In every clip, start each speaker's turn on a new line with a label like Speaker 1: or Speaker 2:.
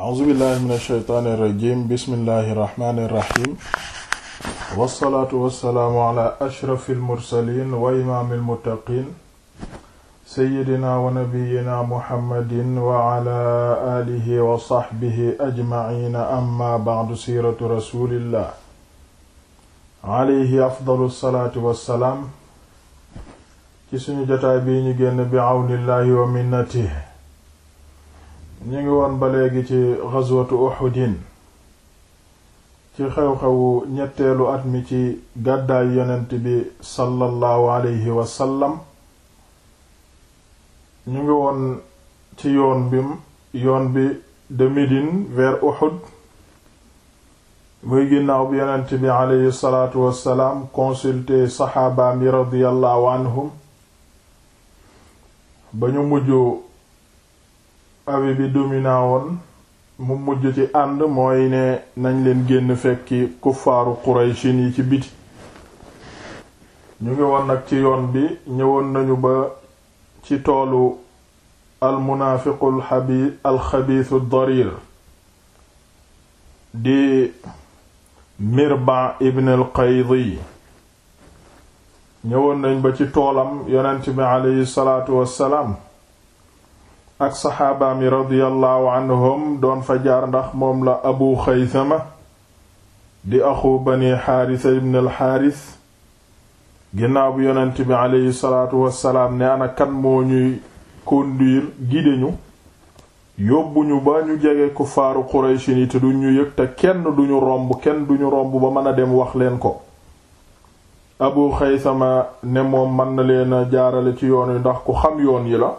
Speaker 1: a'uuzu billahi min ashaytaani irrajim bismillahi irrahmani irrahim wassalaatu wassalaamu ala ashrafi almursalin wa imaami almuttaqin seyyidina wa nabiyina muhammadin wa ala alihi wa saxbihi ajmaciina amma bacdu siiratu rasulillah alayhi afdalu salaatu wassalaam ci suñu jotaay bii ñu génn bi awnillahi wa minnatihi ñu ngi woon ba léegi ci ghazwatu Uhudin ci xew-xewu ñetteelu at mi ci gàddaay yonent bi sallallahu alayhi wa sallam ñu ngi woon ci yoon bim yoon bi de Médine vers Uhud muy ginnaaw bi yonent bi aleyhi salaatu wassalaam consulté saxaabaam yi radiyallahu anhum ba ñu mujj avis bi dominant mu mujj ci ànd mooy nañ leen génn fekki kuffaaru Qurayshin yi ci biti ñu ngi woon nag ci yoon bi ñëwoon nañu ba ci toolu almunaafiqu alxabi alxabiisu darir di mirban ibn alqaydi ñëwoon nañ ba ci toolam yonent bi aleyhi salaatu wassalaam ak saxaabaam yi radiyallahu anhum doon fa jaar ndax moom la abu xaysama di axu bani xaarisa ibn al xaaris ginnaaw bi yonent bi aleyhi salaatu wassalaam ne ana kan moo ñuy conduire guider ñu yóbbu ñu ba ñu jege ku faaru qurayshi ni te du ñu yëg te kenn duñu romb kenn duñu romb ba mën a dem wax leen ko abu xaysama ne moom mën na leen a jaarale ci yoon wi ndax ku xam yoon yi la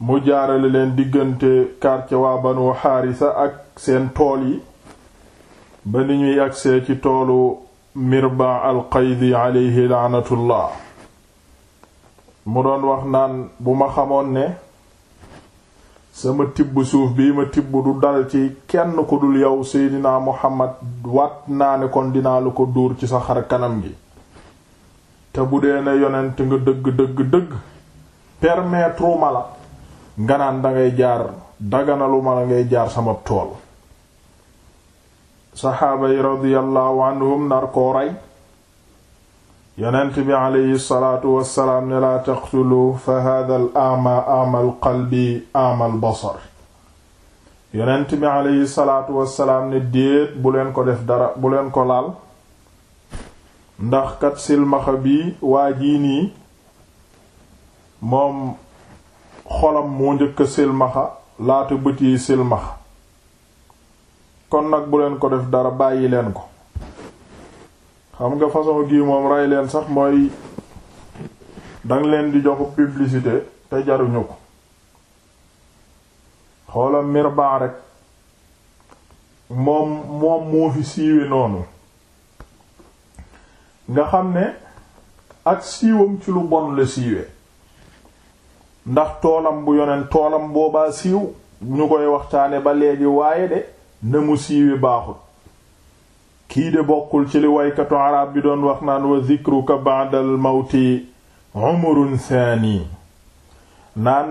Speaker 1: mu jaarale leen diggante quartier waa banu xaarisa ak seen tool yi ba ni ñuy agse ci toolu mirba alqaydi aleyhi laanatullah mu doon wax naan bu ma xamoon ne sama tibb suuf bii ma tibb du dal ci kenn ku dul yow seydinaa muhammad wat naa ne kon dinaa la ko duur ci sa xar kanam gi te bu dee ne yonent nga dëgg dëgg dëgg permettre la nga naan dangay jaar daganalu ma jaar sama tool saxaaba yi radiyallahu anhum nar koo rey yonent bi aleyhi salaatu wassalaam ne laa taqtulu fa hada al ama amal qalbi amal yonent bi aleyhi salaatu wassalaam ne déet bu ko def dara bu ko laal ndax kat silmaxa bi waa jii moom xolam moo njëkk silmaxa laata bët yi silmaxa kon nag bu leen ko def dara bàyyi leen ko xam nga façon gi moom rey leen sax mooy danga leen di jox publicité te jaruñu ko xoolam Mirbaa rek moom moom moo fi noonu nga xam ne ak siiwam ci lu bon la siiwe ndax toolam bu yonent toolam boobaa siiw ñu koy waxtaane ba léegi waaye de na mu siiwi baaxul kii de bokkul ci li waykatu arab bi doon wax naan wa zikruka ba'dal mawti umrun thani naan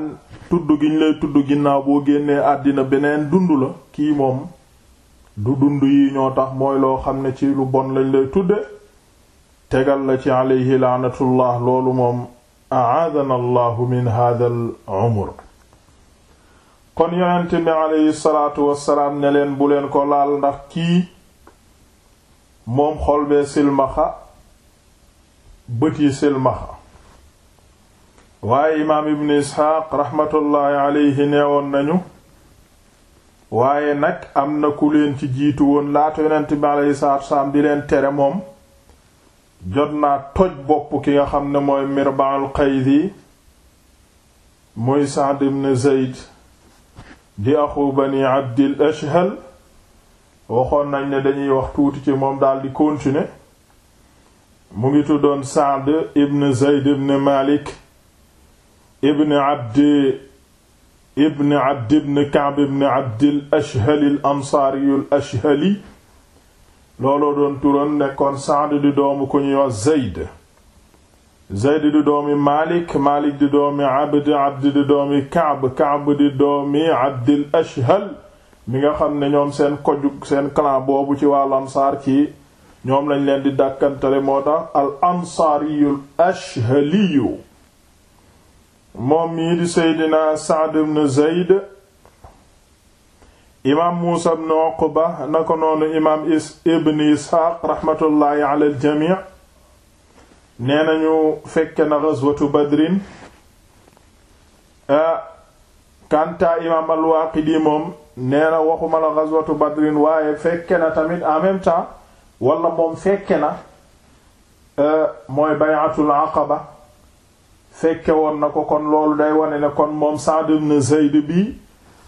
Speaker 1: tudd giñ lay tudd ginnaaw boo génnee àddina beneen dund la kii moom du dund yi ñoo tax mooy loo xam ne ci lu bon lañ lay tudde tegal la ci alayhi laanatullah loolu moom aadana allahu min hada al umr kon yonente bi aleyhi salaatu wasalaam ne leen bu leen ko laal ndax kii moom xol bee silmaxa bët yi silmaxa waaye imaam ibn isxaaq raxmatullaahi aleyhi neewoon nañu waaye nag am na ku leen ci jiitu woon laat yonente bi aleyhi salaatu wasalaam di leen tere moom jot naa toj bopp ki nga xam ne mooy mirbaal qaydi muy Sa'd ibn Zayd di axu bani abdil ashhal waxoon nañ ne dañuy wax tuuti ci moom daal di continuer mu ngi tuddoon Sa'd ibn Zayd ibn Malik ibn abdi ibn abdi ibn Ka'b ibn abdil ashhal al ansaari al ashhali looloo doon turam nekkoon Saad di doomu ku ñuy wax Zayd Zayd di doomi Malik Malik di doomi Abd Abd di doomi Kaab Kaab di doomi Abdil Ashhal mi nga xam ne ñoom seen koju seen clan boobu ci waa Ansaar ci ñoom lañ leen di dàkkantale moo tax al ansaariyul ashhaliyu moom mii di Seydina Saad ibn Zayd imaam Muusa ibn Uqba na ko noonu imaam is ibn Isxaaq raxmatullaahi ala aljamii nee nañu fekke na gazwatu Badrin ah, kantaa imaam al moom nee waxuma la gazwatu Badrin waaye fekke na tamit en même temps wala moom fekke na ah, mooy bay'atul Aqaba fekke woon na ko kon loolu day wane ne kon moom Sa'd ibn Zayd bi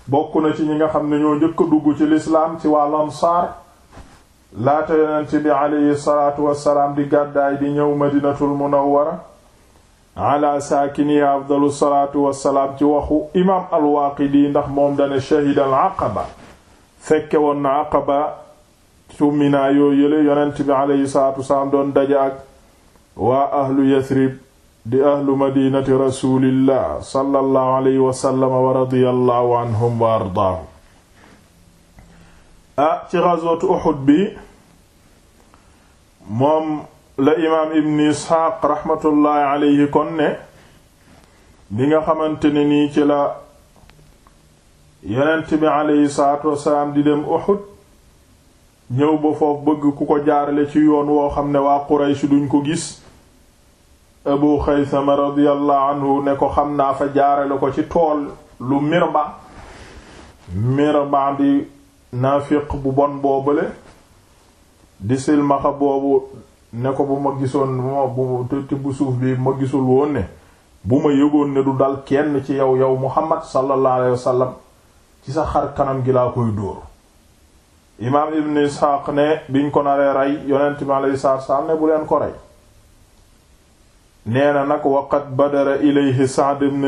Speaker 1: bokk na ci ñi nga xam ne ñoo njëkk a dugg ci lislaam ci waa lansaar laata yonent bi aleyhi salaatu wassalaam di gàddaay di ñëw madinatul munawwara ala saakini afdalu salaatu wassalaam ci waxu imaam al ndax moom dane shahida al-Aqaba fekke woon na Aqaba tumminaa yoo yële yonent bi aleyhi salaatu wassalaam doon daje ak waa ahlu Yasrib di ahlu madinati rasulillah sallallahu alayhi wasallam wa radiyallahu anhum wa ardaahum ah ci ghazwatu Uhud bi moom la imaam ibn isxaaq raxmatullaahi alayhi kon ne bi nga xamante ne nii ci la yonent bi alayhi salaatu wasalaam di dem Uhud ñëw ba foofu bëgg ku ko jaarale ci yoon woo xam ne waa Quraysh duñ ko gis abu xaysama radiyallahu anhu ne ko xam naa fa jaarale ko ci tool lu mirba mirba di naafiq bu bon boobale di silmaxa boobu ne ko bu ma gisoon bu te suuf bi ma gisul woon ne bu ma yëgoon ne du dal kenn ci yow yow muhammad sallallahu alayhi wasallam ci sa xar kanam gi laa koy dóor imaam ibn isxaaq ne biñ ko naree rey yonent bi alayhi salaatu ne bu leen ko rey neena na nag waqad badara ilayhi Sa'd ibn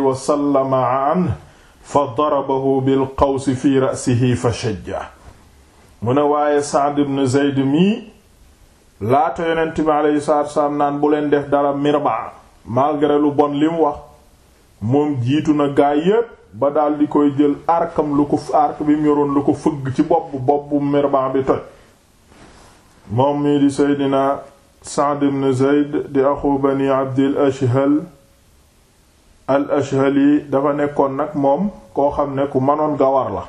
Speaker 1: wa sallam anhu fa darabahu bil qawsi fi ra'sihi fa shajja mu ne waaye Sa'd laata yonent bi alayhi wa salaam dara Mirbaa malgré lu bon jiitu na gaa yépp ba daal di koy jël arkam lu ko ark bi mu lu ko fëgg ci bopp bopp mirban bi toj moom mii di seydina Sa'd ibn Zayd di axu bani Abdil Ashhal al Ashhali dafa nekkoon nag moom koo xam ne ku mënoon gawar la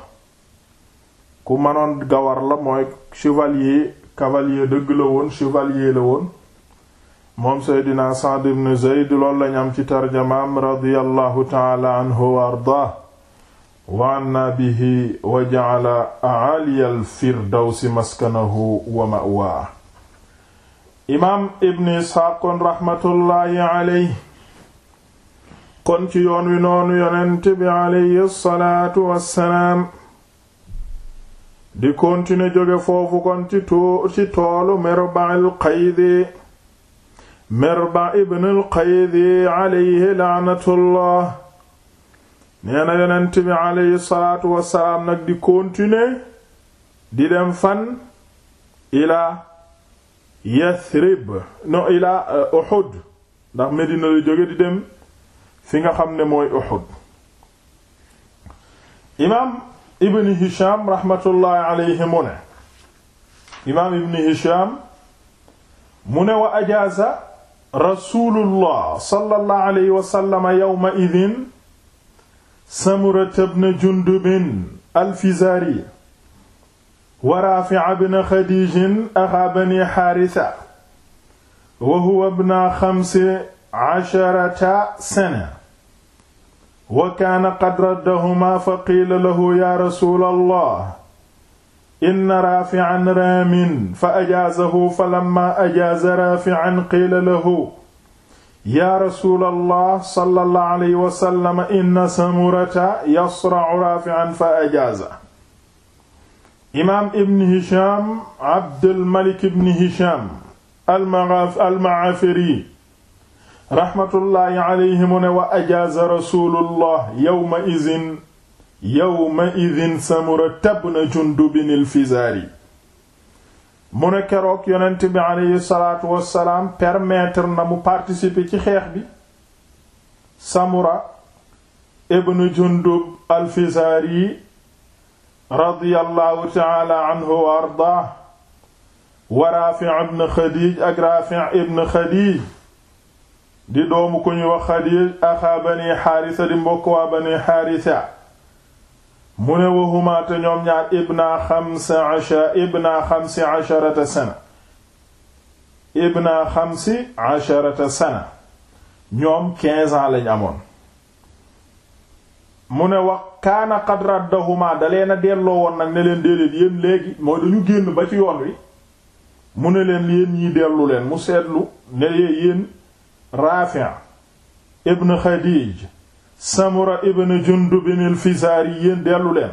Speaker 1: ku mënoon gawar la mooy chevalier cavalier dëgg la woon chevalier la woon moom seydina Sa'd ibn Zayd loolu lañ am ci tarjamaam radiyallahu taala anhu wa ardaa wa anna bihi wa ja'ala a'aliyal firdawsi maskanahu wa ma'waa imaam ibn Isxaaq kon alayhi kon yoon wi noonu yonent bi alayhi salaatu wassalaam di continuer jóge foofu kon ci toolu Merbahil Qaydi Mirba ibn al-Qaydi alayhi laanatullah nee na yonent bi alayhi salaatu nag di continuer di dem fan ilaa Yathrib no ilaa uh, Uhud ndax Medina la jóge di dem fi nga xam ne mooy Uhud imaam ibn Hisham raxmatullaahi alayhi mu ne imaam ibn Hisham mu ne wa ajaaza rasulullah sallallahu alayhi wa sallam yawma idin samurata bna jundubin alfizari wa raafi'a bna xadiijin axaa bani xaarisa wa huwa bna xamsi asharata sana wa kaana qad raddahuma fa qiila lahu ya rasulallah inna raafi'an raamin fa ajaazahu fa lamma ajaaza raafi'an qiila lahu yaa rasuulallah sallallahu alayhi wa sallam inna samurata yasra'u raafi'an fa ajaaza imaam ibn Hisham Abdul Malik ibn Hisham al-Ma'afiri rahmatullahi alayhi mu ne wa ajaaza rasuulullah yawma izin yawma idin samura tabna jundubin al-fizaari mu ne keroog yonent bi aleyhi salaatu wassalaam permettre na mu participer ci xeex bi samura ibnu jundub al-fizaari radiyallahu taala anhu wa ardaa wa raafi ibn xadiij ak raafi ibn xadiij di doomu ku ñuy wax xadiij axaa bani xaarisa di mbokk waa bani xaarisa mu ne waxumaa te ñoom ñaar ibna xamsi ashara ibna xamsi asharata sana ibna xamsi asharata sana ñoom quinze ans lañ amoon mu ne wax kaana qad raddahuma da leen a delloo woon nag ne leen déedéet yéen léegi mooy dañu génn ba ci yoon wi mu ne leen yéen ñiy dellu leen mu seetlu ne yéen Rafi' ibn Khadij samura ibn jundubin ilfisaari yéen dellu leen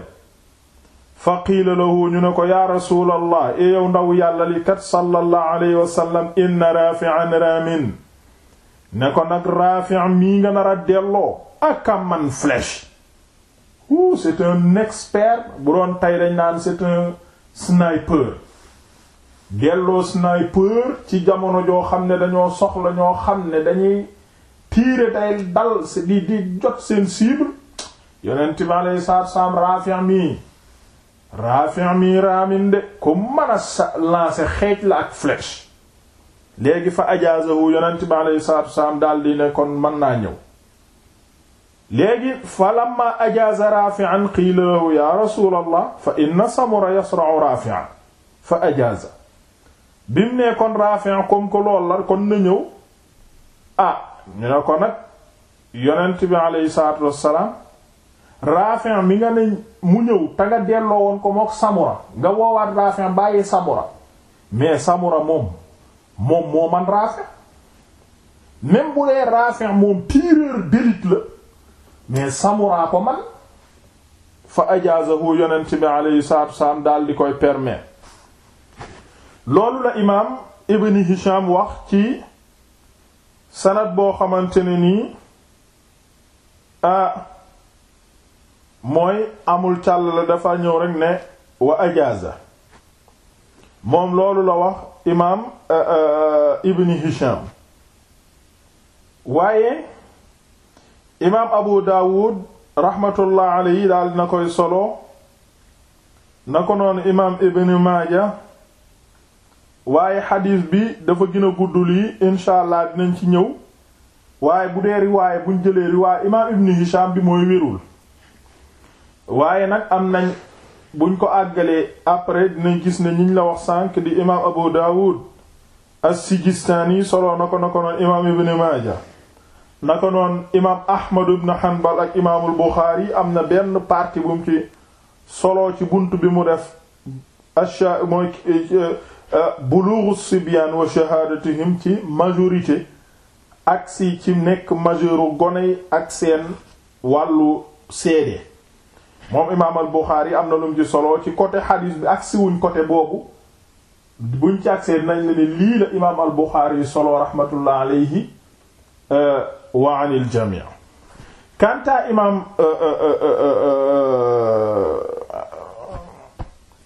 Speaker 1: fa ñu ne ko yaa rasuulallah e ndaw yàlla li kat sallallahu alayhi wasallam inna raafi'an raamin ne ko nag raafi' mii nga nar a delloo aka man flèche wuu c'est un expert bu doon tey dañ naan c'est un delloo sniper ci jamono joo xam ne dañoo soxla ñoo xam ne dañuy tiire day dal di di jot seen cible yonent bi raamin de ku mën a lancer xeej la ak flèche fa ajaazahu yonent bi ne kon mën naa ñëw fa lamma ajaaza Rafi'an qiila lahu yaa rasuulallah fa inna Samura yasra'u Rafi'an fa ajaaza bi mu ne kon Rafi' lool la kon na ñëw ah ñu ne ko nag yonent bi aleyhi salaatu wassalaam Rafi' mi nga ne mu ñëw te nga delloo woon ko mook Samura nga woowaat Rafi' bàyyi Samura mais Samura moom moom moo man Rafi' même bu moom tireur d'élite la mais Samura ko man fa ajaazahu yonent bi aleyhi salaatu wassalaam daal di koy permettre loolu la imaam Ibn Hisham wax ci sanad boo xamante ne nii a mooy amul càll dafa ñëw rek ne wa ajaza moom loolu la wax imaam ibn hisham waaye imaam abu daawud raxmatullah alayhi daal na koy solo na ko noonu imaam ibn maaja waaye xadiis bi dafa gën a gudd lii incha allah dinañ ci ñëw waaye bu dee riwaaye buñ jëlee riwaaye imaam ibnu Hisham bi mooy wérul waaye nag am nañ buñ ko àggalee après dinañ gis ne ñiñ la wax sànq di imaam Abu Dawud as-Sijistaani soloo na ko na ko noon imaam ibnu Maaja na ko noon imaam Ahmad ibnu Hanbal ak imaamul Buxaari am na benn partie bu ci soloo ci bunt bi mu def asha bulugu sibyaan wa shahaadatihim ci majorité agsi ci nekk majeuru gone yi ak seen wàllu seede moom imaam al Buxaari am na lu mu solo ci côté xadiis bi agsi wuñ côté boobu buñ ci agsee nañ la ne la imaam al Buxaari solo rahmatullah alayhi euh, wa anil jamii kanta imaam euh, euh,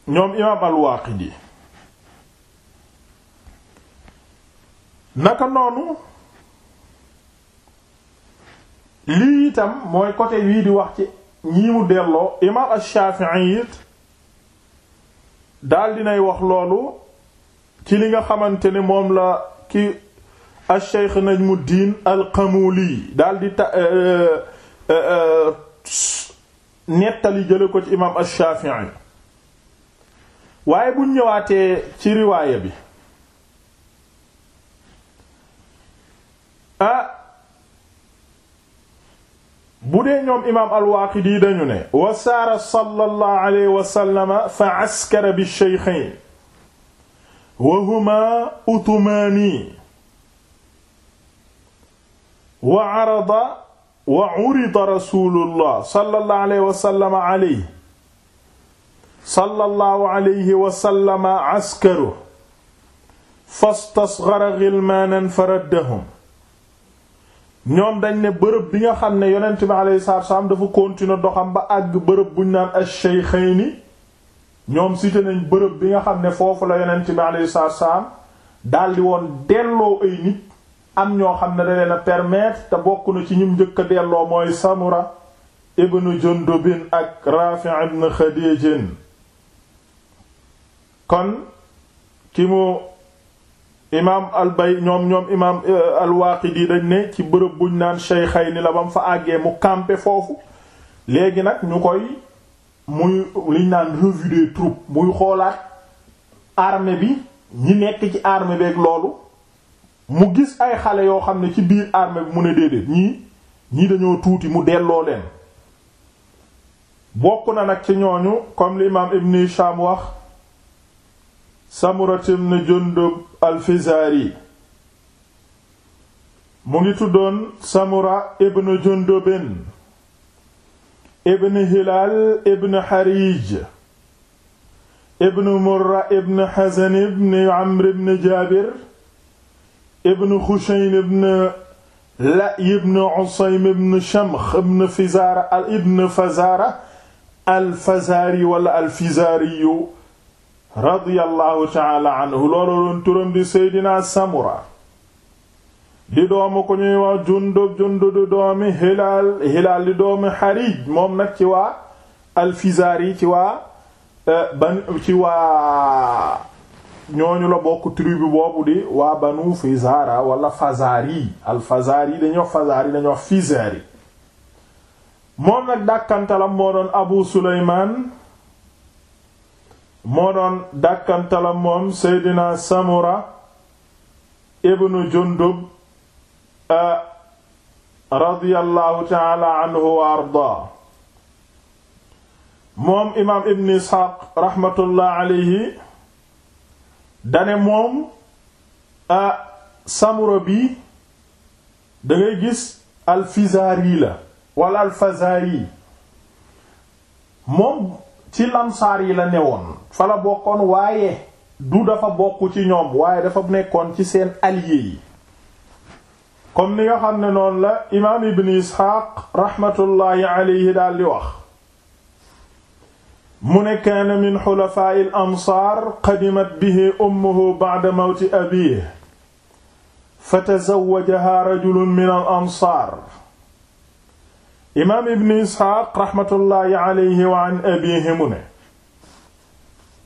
Speaker 1: ñoom imaam al Waaqidi naka noonu lii itam mooy côté wii di wax ci ñii mu delloo imaam ash-Shafi'i it daal dinay wax loolu ci li nga xamante ne moom la ki ash-Shaykh diin al-Qamuli daal di ta euh, euh, euh, nettali jële ko ci imaam ash-Shafi'i waaye bu ñëwaatee ci riwaaya bi ah bu dee ñoom imaam al-Waaqidi dañu ne wa saara sallallahu alayhi wa sallama fa askara bi shaykhayn wa huma utumaani wa arada wa urida rasulullah sallallahu alayhi wa sallama alayhi sallallahu alayhi wa sallama askaru fastasghara ghilmaanan faraddahum ñoom dañ ne bërëb bi nga xam ne yonent bi alayhi salaatu saam dafa continuer doxam ba àgg bërëb buñ naan ash ni ñoom cité nañ bërëb bi nga xam ne foofu la yonent bi alayhi salaatu wasallam daldi woon delloo ay nit am ñoo xam ne da leen a permettre te bokk na ci ñum njëkk a delloo mooy Samura ibnu Jundubin ak Rafi' ibn Khadijin kon ki mu imaam albay ñoom ñoom imaam yi euh, dañ ne ci bërëb buñ naan Shaykhayni la bam fa àggee mu campé foofu léegi nag ñu koy muy liñ naan revue des muy xoolaat armée bi ñi nekk ci armée beeg loolu mu gis ay xale yoo xam ne ci biir armée bi mu ne déedéet ñii ñii dañoo tuuti mu delloo leen bokk na nag ci ñooñu comme l'imam Ibn Hisham wax Samurat ibn Jundub al-Fizaari mu ngi tuddoon Samura ibn Jundubin ibn Hilaal ibn Hariij ibn Murra ibn Hazan ibn Amr ibn Jaabir ibn Xushaym ibn La'y ibn Usaym ibn Shamx ibn Fizaara ibn Fazaara al-Fazaari wala al-Fizaari radiyallahu taala anhu loolu di seydina samura di doomu ku ñuy wax jundub jundub di doomi hilaal hilaal di doomi xarij moom nag ci waa alfizaari ci waa eh, ban la bokk tribu boobu di waa banu fizaara wala fazaari alfazaari dañuy wax fazaari dañuy wax fizaari moom nag dàkkantalam moo doon abu suleymaan moo doon dàkkantala moom seydina samura ibnu jundub radiyallahu taala anhu wa ardaa moom imaam ibn isxaaq raxmatullah alayhi dane moom samura bi da ngay gis alfizaari la wala alfazaari moom ci lamsaar yi la newoon fa la bokkoon waaye du dafa bokk ci ñoom waaye dafa nekkoon ci seen allié yi comme ni nga xam ne noonu la imaam ibn isxaaq raxmatullaahi aleyhi daal di wax mu ne kaana min xulafaa'il ansaar qadimat bihi ummuhu ba'da mawti abiihi fa tazawwajahaa rajulun min al ansaar imaam ibn isxaaq raxmatullaahi alayhi wa an abiihi mu ne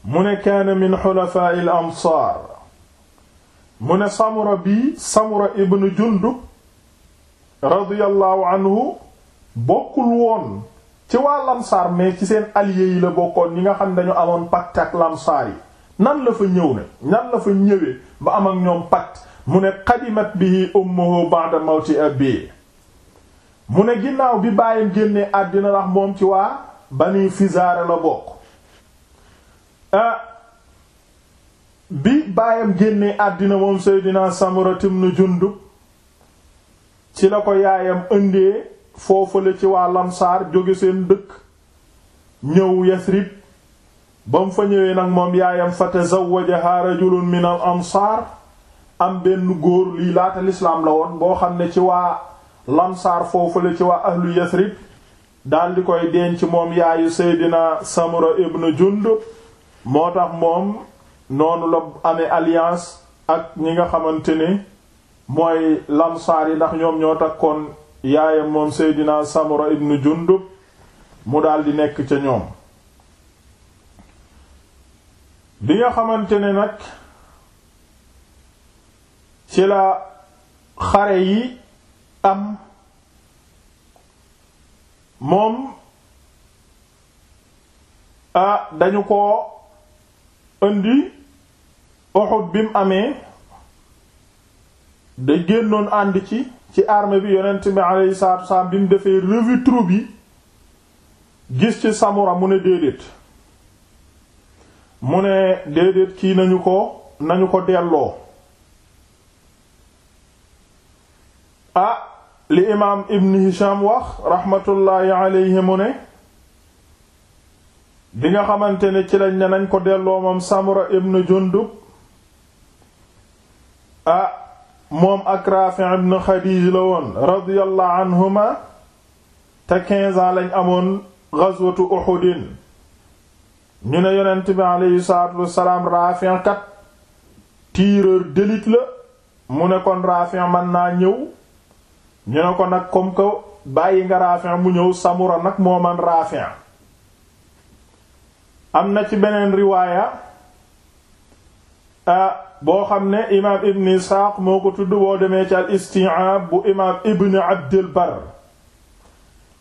Speaker 1: mu ne kaana min xulafaa'i al ansaar mu ne samura bii samura ibn jundub radiyallaahu anhu bokkul woon ci waa lamsaar mais ci seen alliés yi la bokkoon ñi nga xam dañu amoon pacte ak yi nan la fa ñëw ne nan la fa ñëwee ba am ak ñoom pacte mu ne qadimat bihi ummuhu ba'da mawti abiihi mu ne ginnaaw bi bàyyam génnee àddina wax moom ci waa bani fizaara la bokk ah, bi bàyyam génnee àddina moom seydinaa Samura na Jundub ci la ko yaayam indee foofale ci waa lamsaar jóge seen dëkk ñëw Yasrib ba mu fa ñëwee nag moom yaayam fa tazawwajaha rajulun min al ansaar am benn góor lii laata lislaam la woon boo xam ne ci waa lamsaar foofu la ci waa ahlu yasrib daldi koy denc moom yaayu seydina samura ibn jundub moo tax moom noonu la amee alliance ak ñi nga xamante ne mooy lamsaar yi ndax ñoom ñoo takkoon yaayam moom seydina samura ibn jundub mu daldi nekk ca ñoom bi nga xamante ne nag ci la xare yi am moom dañu ko indi Uhud bi mu amee da génnoon ànd ci ci armée bi yonent bi alayhi salaatu wasallam bi mu defee revue troupe yi gis ci Samura mu ne déedéet mu ne déedéet kii nañu ko nañu ko delloo ah li imaam ibn hisham wax raxmatullaahi mu ne bi nga xamante ne ci lañ ne nañ ko delloo moom samura ibn jundub a moom ak raafi ibn xadiij la woon radiyallahu anhuma te 15 lañ amoon gazwatu uhudin ñu ne yonent bi aleyhi salaatu wassalaam kat tireur d'élite la mu ne kon raafi mën naa ñëw ñu ne ko nag comme que bàyyi nga Raafi' mu ñëw Samura nag moo man Raafi' am na ci beneen riwaaya ah, boo xam ne imaam Ibn Isxaaq moo ko tudd boo demee ci al Isti'aab bu imaam Ibn Abdil Barr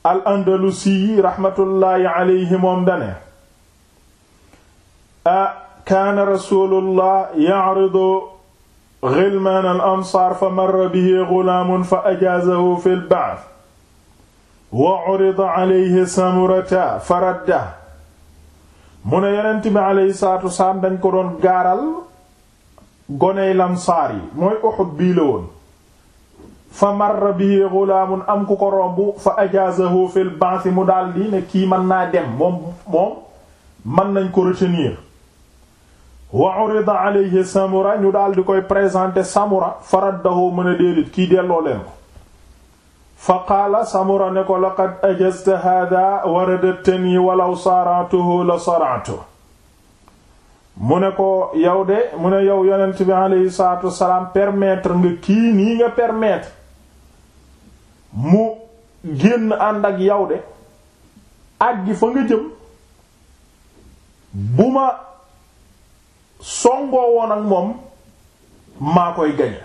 Speaker 1: al Andalusi raxmatullaahi alayhi moom ah, kaana rasuulullah ya'ridu ghilmaan al ansaar fa marra bihi ghulaamun fa ajaazahu fi al-ba'th wa urida alayhi samurata fa radda mu ne yonent bi alayhi salaatu wasalaam dañ ko doon gaaral goney lamsaar yi mooy Uhud bii la woon fa marra bihi ghulaamun am ku ko romb fa ajaazahu fi al-ba'th mu daldi ne kii mën naa dem moom moom mën nañ ko retenir wa urida samura ñu daal di koy présenter samura faraddahu mën a déedéet kii delloo leen ko fa qaala samura ne ko laqad ajazta hada waradatani walaw sarantuhu la sarantu mu ne ko yow de mu ne yow yonent bi aleyhi salatu wasalaam permettre nga kii nii nga permettre mu génn ànd ak yow de àggi fa nga jëm bu ma songoo woon ak moom maa koy gañe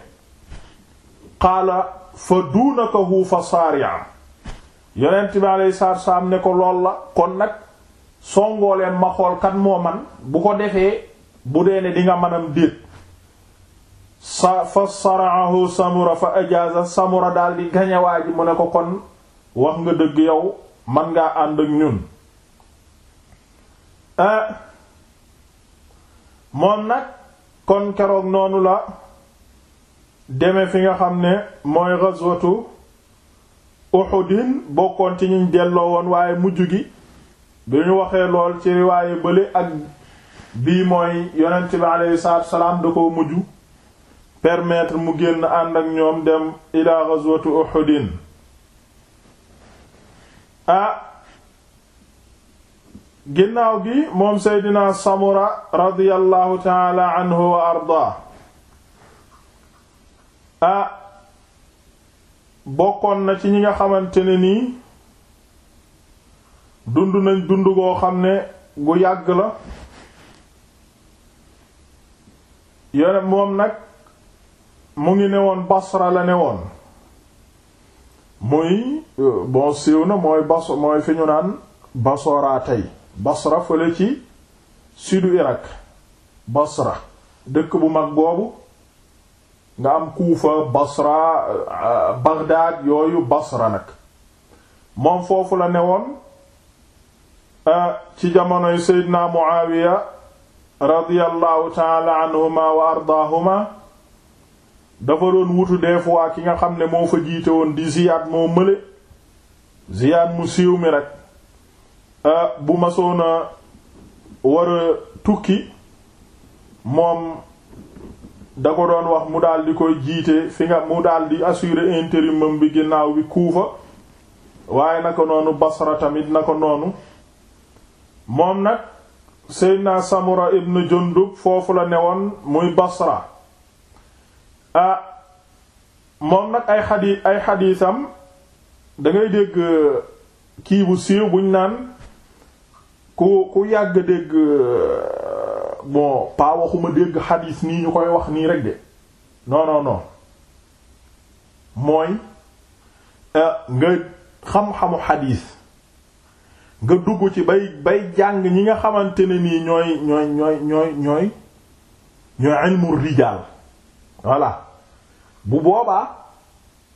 Speaker 1: qaala fa duunakahu fa saari'a yonent bi alayhi salaatu wassalaam ne ko lool la kon nag songoo leen ma xool kan moo man bu ko defee bu dee ne di nga manam déet sa fa saraahu samura fa ajaaza samura daal di gañewaa mu ne ko kon wax nga dëgg yow man ngaa ànd ak ñun eh, moom nag kon keroog noonu la deme fi nga xam ne mooy ghazwatu Uhudin bokkoon ci ñiñ delloo woon waaye mujj gi bi ñu waxee lool ci riwaaye bële ak bii mooy yonent bi aleyhi salaatu salaam da koo mujj permettre mu génn ànd ak ñoom dem ila ghazwatu Uhudin ah ginnaaw gi moom seydina samura radiyallahu taala anhu wa ardaa a bokkoon na ci ñi nga xamante ne nii dund nañ dund goo xam ne gu yàgg la yone moom nag mu ngi ne woon basra la ne woon muy euh, bon siiw na mooy bas mooy fi ñu naan basoraa tey basra fële ci sudu Irak basra dëkk bu mag boobu nga am kuufa basra euh, Bagdad yooyu basra nag moom foofu la ne woon euh, ci jamonoy Seydina Muawiya radiyallahu taala anhuma wa ardaahuma dafa doon wutu des fois ki nga xam ne moo fa jiite woon di Ziyad moo mële Ziyad mu siiw mi rek Euh, bu masoona war a tukki moom da ko doon wax mu daal di koy jiite fi nga mu daal di assurer intérim bi ginnaaw bi kuufa waaye naka noonu basra tamit naka noonu moom nag seydna samura ibn jundub foofu la newoon muy basra ah, moom nag ay xadi ay xadiisam da dégg kii bu siiw buñ naan ku ku yàgg dégg euh, bon pas waxuma dégg xadiis nii ñu koy wax nii rek de non non non mooy euh, nga xam-xamu xadiis nga dugg ci bay bay jàng ñi nga xamante ne nii ñooy ñooy ñooy ñooy ñooy ñooy ilmu rijaal voilà bu boobaa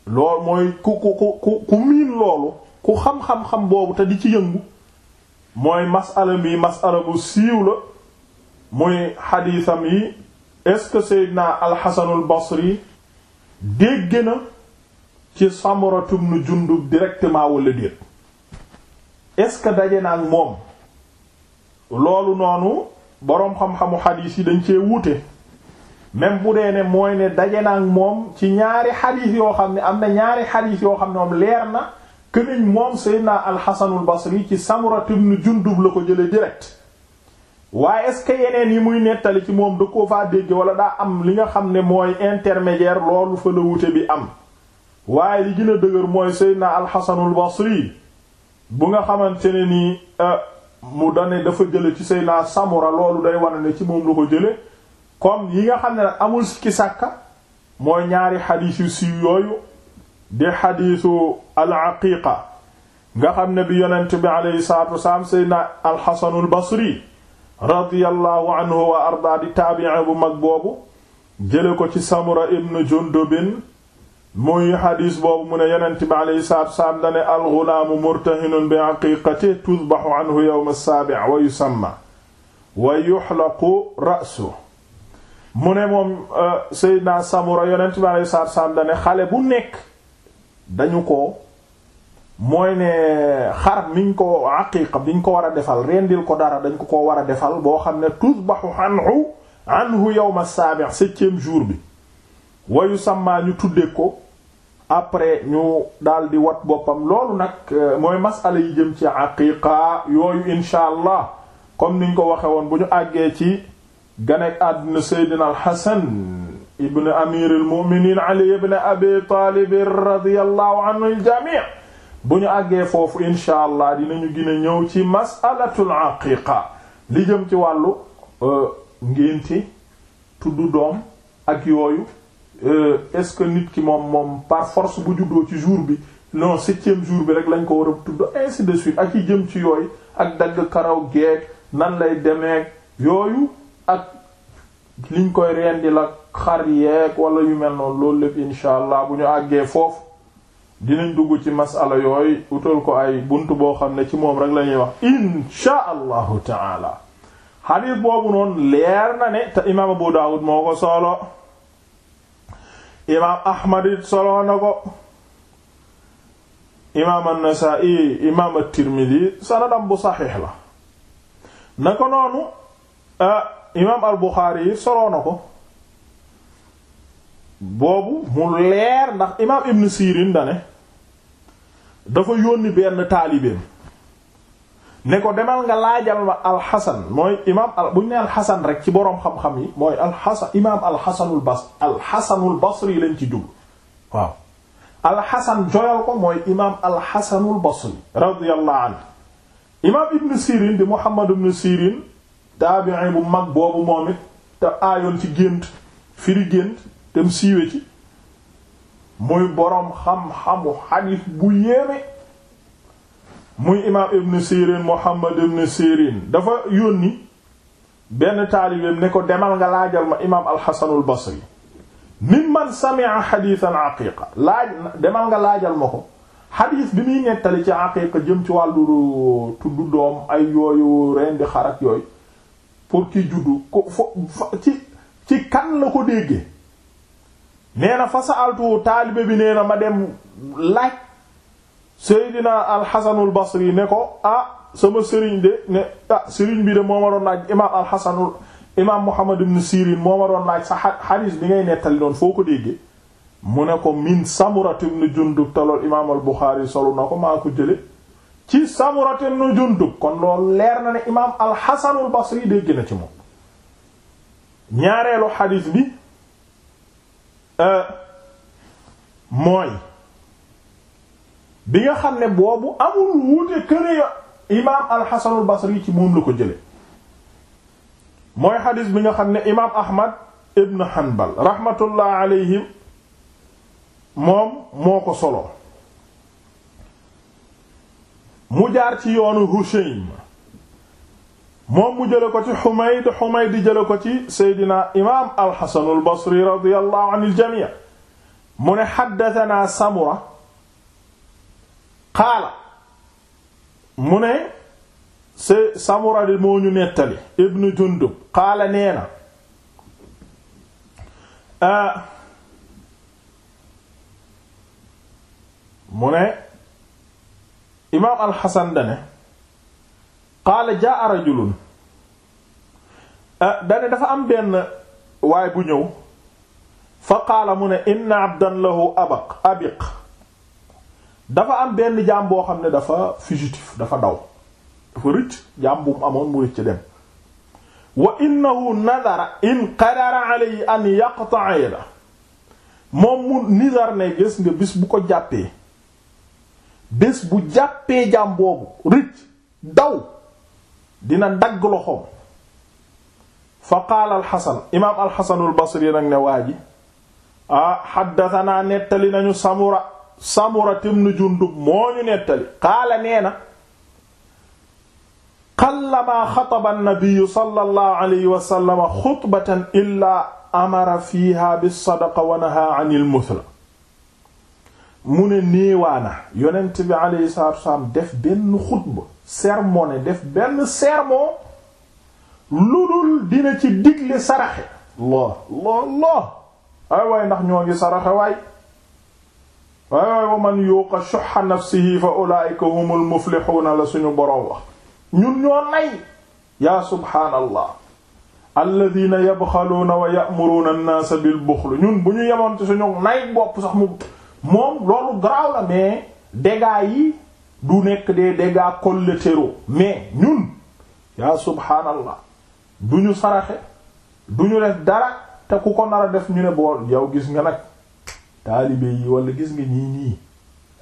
Speaker 1: loolu mooy ku ku ku ku miin loolu ku xam-xam-xam boobu te di ci yëngu mooy masala mi masala bu siiw la muy xadiisam yi est-ce que Seydina alxasanul basri dégg na ci samaratum nu jundub directement wala déet est-ce que daje na moom loolu noonu boroom xam-xamu xadiis yi dañ cee wuute même bu dee ne mooy ne daje na moom ci ñaari xadiis yoo xam ne am na ñaari xadiis yoo xam ne moom leer na këniñ moom Seydina alxasanul basri ci Samura ibn Jundub la ko jële direct waaye est-ce que yeneen yi muy nettali ci moom da koo faa dégg wala daa am li nga xam ne mooy intermédiaire loolu fa la wute bi am waaye li gën a dëgër mooy Seydina alxasanul basri bu nga xamante ne ni euh, mu dane dafa jële ci Seydina Samura loolu day wane ne ci moom la ko jële comme yi nga xam ne nag amul sikki sàkka mooy ñaari xadiis yu siiw yooyu di xadiisu alaqiqa nga xam ne bi yonent bi aleyhi salatu wasalaam seydna alxasanul basri radiyallahu anhu wa arda di taabi'a bu mag boobu jële ko ci samura ibnu jundubin muy xadiis boobu mu ne yonent bi aleyhi salatu wasalaam dane alxulaamu murtahinun bi aqiqati tudbaxu anhu yowm as-sabi' wa yusamma wa yuxlaqu ra'su mu ne moom euh, seydna samura yonent bi aleyhi salatu wasalaam dane xale bu nekk dañu ko mooy ne xar miñ ko aqiqa biñ ko war a defal rendil ko dara dañ ko ko war a defal boo xam ne tusbahu anhu anhu yawma saabih septième jour bi wayu sàmmaa ñu tuddee ko après ñu daal di wat boppam loolu nag euh, mooy masala yi jëm ci aqiqa yooyu insha allah comme niñ ko waxe woon bu ñu àggee ci ganek àdduna seydina al hasan ibn amir al mu'minin ali ibn abi taalib radiyallahu anhu al jami' bu ñu àggee foofu incha allah dinañu gën a ñëw ci masalatul aqiqa li jëm ci wàllu euh, ngénti tudd doom ak yooyu euh, est-ce que nit ki moom moom par force bu juddoo ci jour bi non septième jour bi rek lañ ko war a tudd ainsi de suite ak yi jëm ci yooyu ak dagg karaw geek nan lay demeek yooyu ak liñ koy rendi la xar yeeg wala yu mel noonu lool lépp insha allah bu ñu àggee foofu dinañ dugg ci masala yooy utal ko ay bunt boo xam ne ci moom rek lañuy ñuy wax insha allahu taala xadiis boobu noonu leer na ne te imaam Abu Daawud moo ko solo imaam Ahmad it solo na ko imaam an-Nasaa'i imaam at-Tirmidhi sanadam bu saxiix la na ko noonu ah, imaam al Buxaari yi soloo ko boobu mu leer ndax imaam Ibn Sirin dane dafa yónni benn taalibeem ne ko demal nga laajal ma alxasan mooy imaam al bu nee alxasan rek ci boroom xam-xam yi mooy alxasan imaam alxasanul bas alxasanul basri lañ ci jublu waaw xasan joyal ko mooy imaam alxasanul basri radiyallahu anhu imaam Ibn Sirin di Muhammad Ibn Sirin. taabi'i bu mag boobu moom it te aayoon ci gént firi gént te mu siiwe ci muy boroom xam-xamu xadiis bu yéeme muy imaam ibn Sirin Muhammad ibn Sirin dafa yónni benn taalibeem ne ko demal nga laajal ma imaam alxasanul basri mim man sami'a xadiisan aqiiqa laaj demal nga laajal ma ko xadiis bi muy nettali ci aqiiqa jëm ci wàllu tudd doom ay yooyu rendi xarak yooyu pour ki juddu ko fo ci ci kan na ko déggee nee na fa saaltu taalibe bi nee na ma dem laaj Seydina alxasanul basri ne ko ah sama sëriñ de ne ah sëriñ bi de moo ma doon laaj imaam alxasanul imaam Muhammad ibn Sirin moo ma doon laaj sa xadiis bi ngay nettali doon foo ko déggee mu ne ko min Samuratu ibn Jundub talool imaam al solu na ko maa ko jële ci Samura ibn Jundub kon loolu leer na ne imaam al-Hasan al-Basri na ci moom ñaareelu xadiis bi euh, mooy bi nga xam ne boobu amul wuute këne ya imaam al basri ci moom lu ko jële mooy xadiis bi nga xam ne imaam Ahmad ibn Hanbal rahmatullah moom moo ko solo mu jaar ci yoonu Hushaym moom mu jële ko ci Humayd Humayd jële ko ci Seydina imaam al-Hasan al-Basri radiyallahu anil jamii mu ne haddathanaa Samura qaala mu ne se Samura di moo ñu nettali ibnu Jundub qaala nee na ah. mu ne imaam alxasan dane qaala jaa rajulun eh, dane dafa am benn waay bu ñëw fa qaala mu ne inna abdan lahu abiq dafa am benn jaam boo xam ne dafa fugitif dafa daw dafa rëcc jaam bu mu amoon mu rëcc dem wa innahu nadara in qadara alayhi an yaqta'a yada moom mu nizar ne gis nga bis bu ko jàppee bés bu jàppee jaam boobu rëcc daw dina dagg loxoom fa qaala alxasan imaam alxasanul basri nag ne waa ji ah xaddatanaa nettali nañu samura samura ibnu jundub moo ñu nettali qaala nee na qallama xataba annabiyu sallallahu alayhi wa sallam xutbatan illaa amara fiiha bis sadaqa wa nahaa anil muthla mu ne néewaana yonent bi alayhi salaatu wasalaam def benn xutba sermone def benn sermon lu dul dina ci digle saraxe Allah Allah Allah ay waay ndax ñoo ngi saraxe waay waay waay wa man yuqa shuhha nafsihi fa ulaa'ika humul muflihuuna la suñu boroom wax ñun ñoo nay yaa subhaanallah alladhiina yabxaluuna wa ya'muruuna suñu nay bopp sax mu moom loolu garaaw la mais dégâts yi du nekk des dégâts collatéraux mais ñun yaa subhaanallah du ñu saraxe du ñu def dara te ku ko nar a def ñu ne bool yow gis nga nag taalibe yi walla gis nga nii nii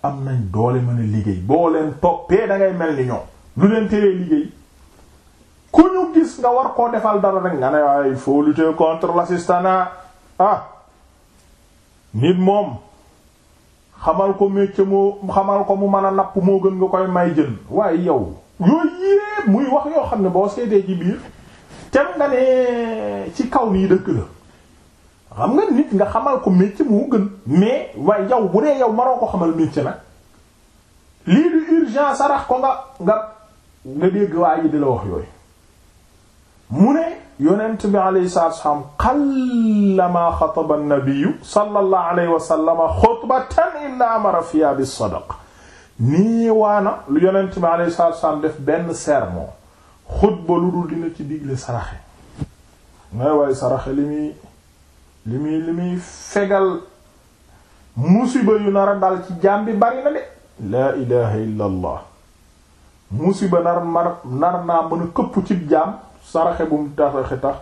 Speaker 1: am nañ doole mën liggéey boo leen toppee da ngay mel ni ñoom lu leen teree liggéey ku ñu gis nga war koo defal dara rek nga ne waaye il faut lutter contre l'assistanat ah nit moom xamal ko métier moo xamal ko mu mën a napp moo gën nga koy may jën waaye yow yooyu yépp muy wax yoo xam ne boo seetee ci biir tem nga ne ci kaw nii dëkk la xam nga nit nga xamal ko métier mu gën mais waaye yow bu dee yow maroo ko xamal métier nag lii du urgence sarax ko nga nga nga dégg waa ji di la wax yooyu mu ne yonent bi alayhi salaatu wa salaam qallamaa xataba an-nabiyyu sallallahu alayhi wa sallam xutbatan illaa amara fiihaa bis-sadaqa nii waana lu yonent bi alayhi salaatu wa salaam def benn sermon xutba lu dul dina ci digle saraxe may waaye saraxe li muy li muy li muy fegal musiba yu nar a dal ci jaam bi bari na de laa ilaha illa allah musiba nar nar nar naa mën a këpp ci jaam saraxe bu mu taraxe tax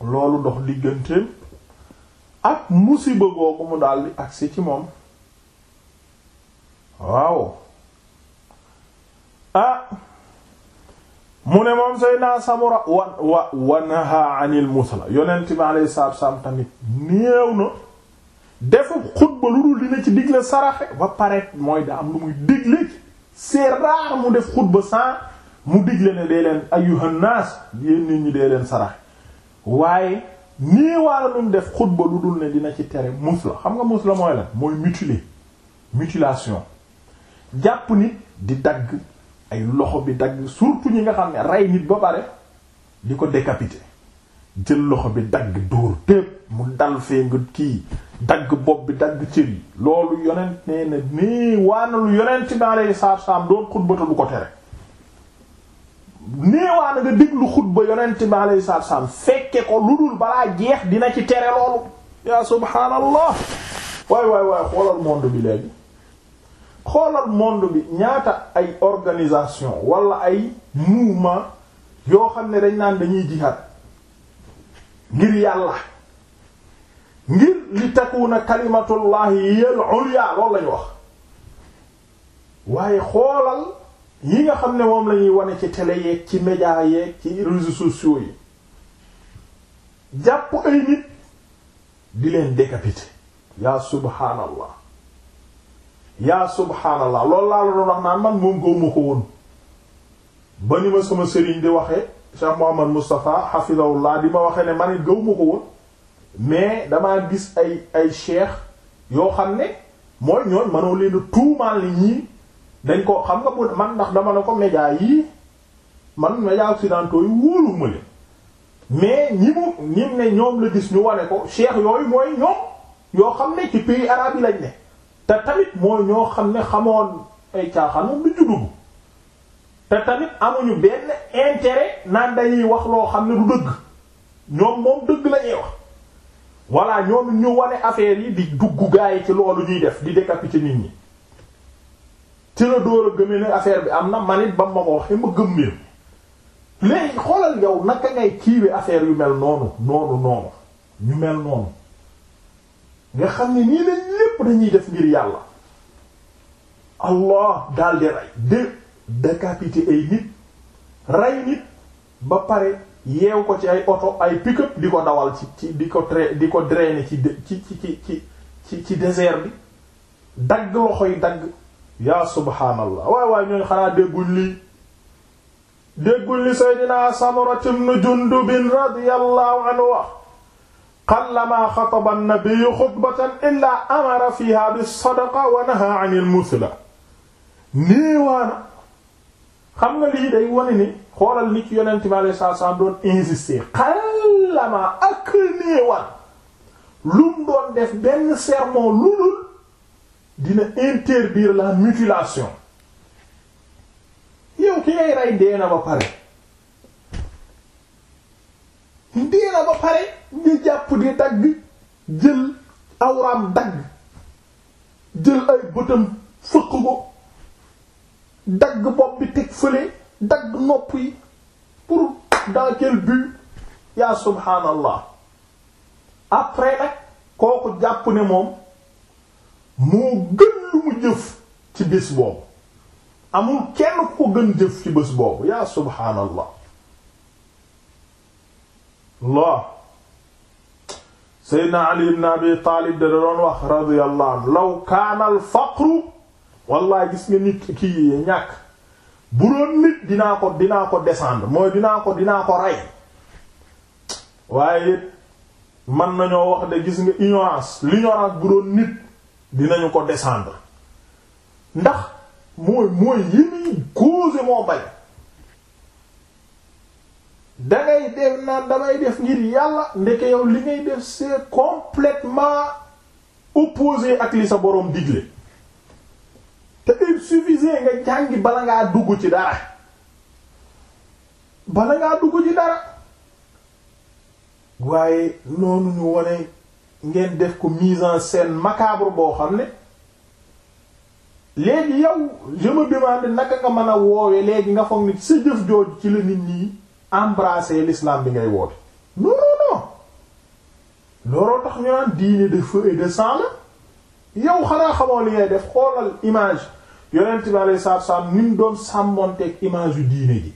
Speaker 1: loolu dox digganteem ak musiba googu mu daldi agsi ci moom waaw ah mu ne moom Seydina Samura wa wa wanaha anil musla yonent bi alayhi salaatu salaam tamit néew na defu xutba lu dul dina ci digle saraxe ba pare mooy daa lu muy digle c'est rare mu def xutba sans mu digle ne dee leen ayyuhan naas nit ñi dee leen saraxe waaye néewaala lu mu def xutba lu ne dina ci tere mus la xam nga mus la mooy lan mooy mutiler mutilation jàpp nit di dagg ay loxo bi dagg surtout ñi nga xam ne rey nit ba pare di ko décapiter jël loxo bi dagg dóor tépp mu dal fee nga kii dagg bopp bi dagg cër yi loolu yonent nee na néewaana lu yonent bi alayhi salaam doon xutbata lu ko tere neewaa na nga déglu xutba yonent bi alayhi salaatu salaam fekke ko lu dul balaa jeex dina ci tere loolu yaa subhaanallah waay waay waay xoolal monde bi léegi xoolal monde bi ñaata ay organisation wala ay mouvement yoo xam ne dañ naan dañuy jihaad ngir yàlla ngir li takuna kalimatullahi yal ulya loolu lañu wax waaye xoolal yi nga xam ne moom lañuy wane ci télé yeeg ci média yeeg ci réseaux sociaux yi jàpp ay nit di leen décapiter yaa subhaanallah yaa subhaanallah loolu laa la doon wax naan man moom góob ko woon ba ni ma sama sëriñ di waxe Cheikh Mouhamad Moustapha hafizahullah di ma waxee ne man it gëw ma ko woon mais damaa gis ay ay cheikh yoo xam ne mooy ñooñ mënoo leen a tuumaal li ñii dañ ko xam nga bu man ndax dama ne ko média yi man média occidentaux wóolu ma leen mais ñi mu ñi ne ñoom la gis ñu wane ko cheikh yooyu mooy ñoom yoo xam ne ci pays arabe yi lañ ne te tamit mooy ñoo xam ne xamoon ay caaxaan moom du juddu te tamit amuñu benn intérêt naan dañuy wax loo xam ne du dëgg ñoom moom dëgg lañuy wax voilà ñoom ñu wane affaire yi di dugg gaay ci loolu ñuy def di décapiter nit ñi ci la door a gëmee ne affaire bi am na man it ba ma ko waxee ma gëm leen léegi xoolal yow naka ngay kiiwee affaire yu mel noonu noonu noonu mel noonu nga xam ne nii lañ lépp dañuy def ngir yàlla allah daal di rey de décapité ay nit rey nit ba pare yeew ko ci ay oto ay pick di ko dawal ci ci di ko tra ci ci ci ci ci ci bi dagg loxoy dagg yaa subhaanallah waay waay ñooy xanaa dégguñ lii dégguñ li seydinaa Samuratu ibn Jundub radiyallahu anhu wax qallamaa xataba an-nabiyyu xutbatan illaa amara fiihaa bis-sadaqa wa nahaa anil musla néewaana xam nga lii day wone ni xoolal nit ci yonent bi alayhi salaatu salaam doon insister qallamaa ak néewaan lu mu doon def benn sermon lu dul dina interdire la mutilation yow ki ngay rey dee na ba pare dee na ba pare di jàpp di dagg jël awraam dagg jël ay bëtam fëq ko dagg bopp bi teg fële dagg nopp yi pour dans quel yaa subhaanallah après nag kooku jàpp ne moom moo gën lu mu jëf ci bés boobu amul kenn ku gën jëf ci bés boobu yaa subhaanallah Allah Seydina Ali ibn Abi Taalib da doon wax radiyallahu anhu law kaana al faqru gis nga nit ki ñàkk bu doon nit dinaa ko dinaa ko descendre mooy dinaa ko dinaa ko rey waaye it mën nañoo wax de gis nga ignorance l'ignorance bu doon nit dinañu ko descendre ndax mooy mooy yi muy causé moo bari dangay def naan damay def ngir yàlla ndeke yow li ngay def c'est complètement opposé ak li sa boroom digle te il suffisait nga jàngi bala ngaa dugg ci dara bala ngaa dugg ci dara waaye noonu ñu wone ngeen def ko mise en scène macabre boo xam ne léegi yow je me demande naka nga mën a woowe léegi nga foog ni sa jëf jooj ci la nit ñi embrasser l'islam bi ngay woote non looloo tax ñu naan diine de feu de sang la yow xanaa xamoo li ngay def xoolal image yonent bi alayhi salaatu salaam ni mu doon sàmmonteeg image yu diine ji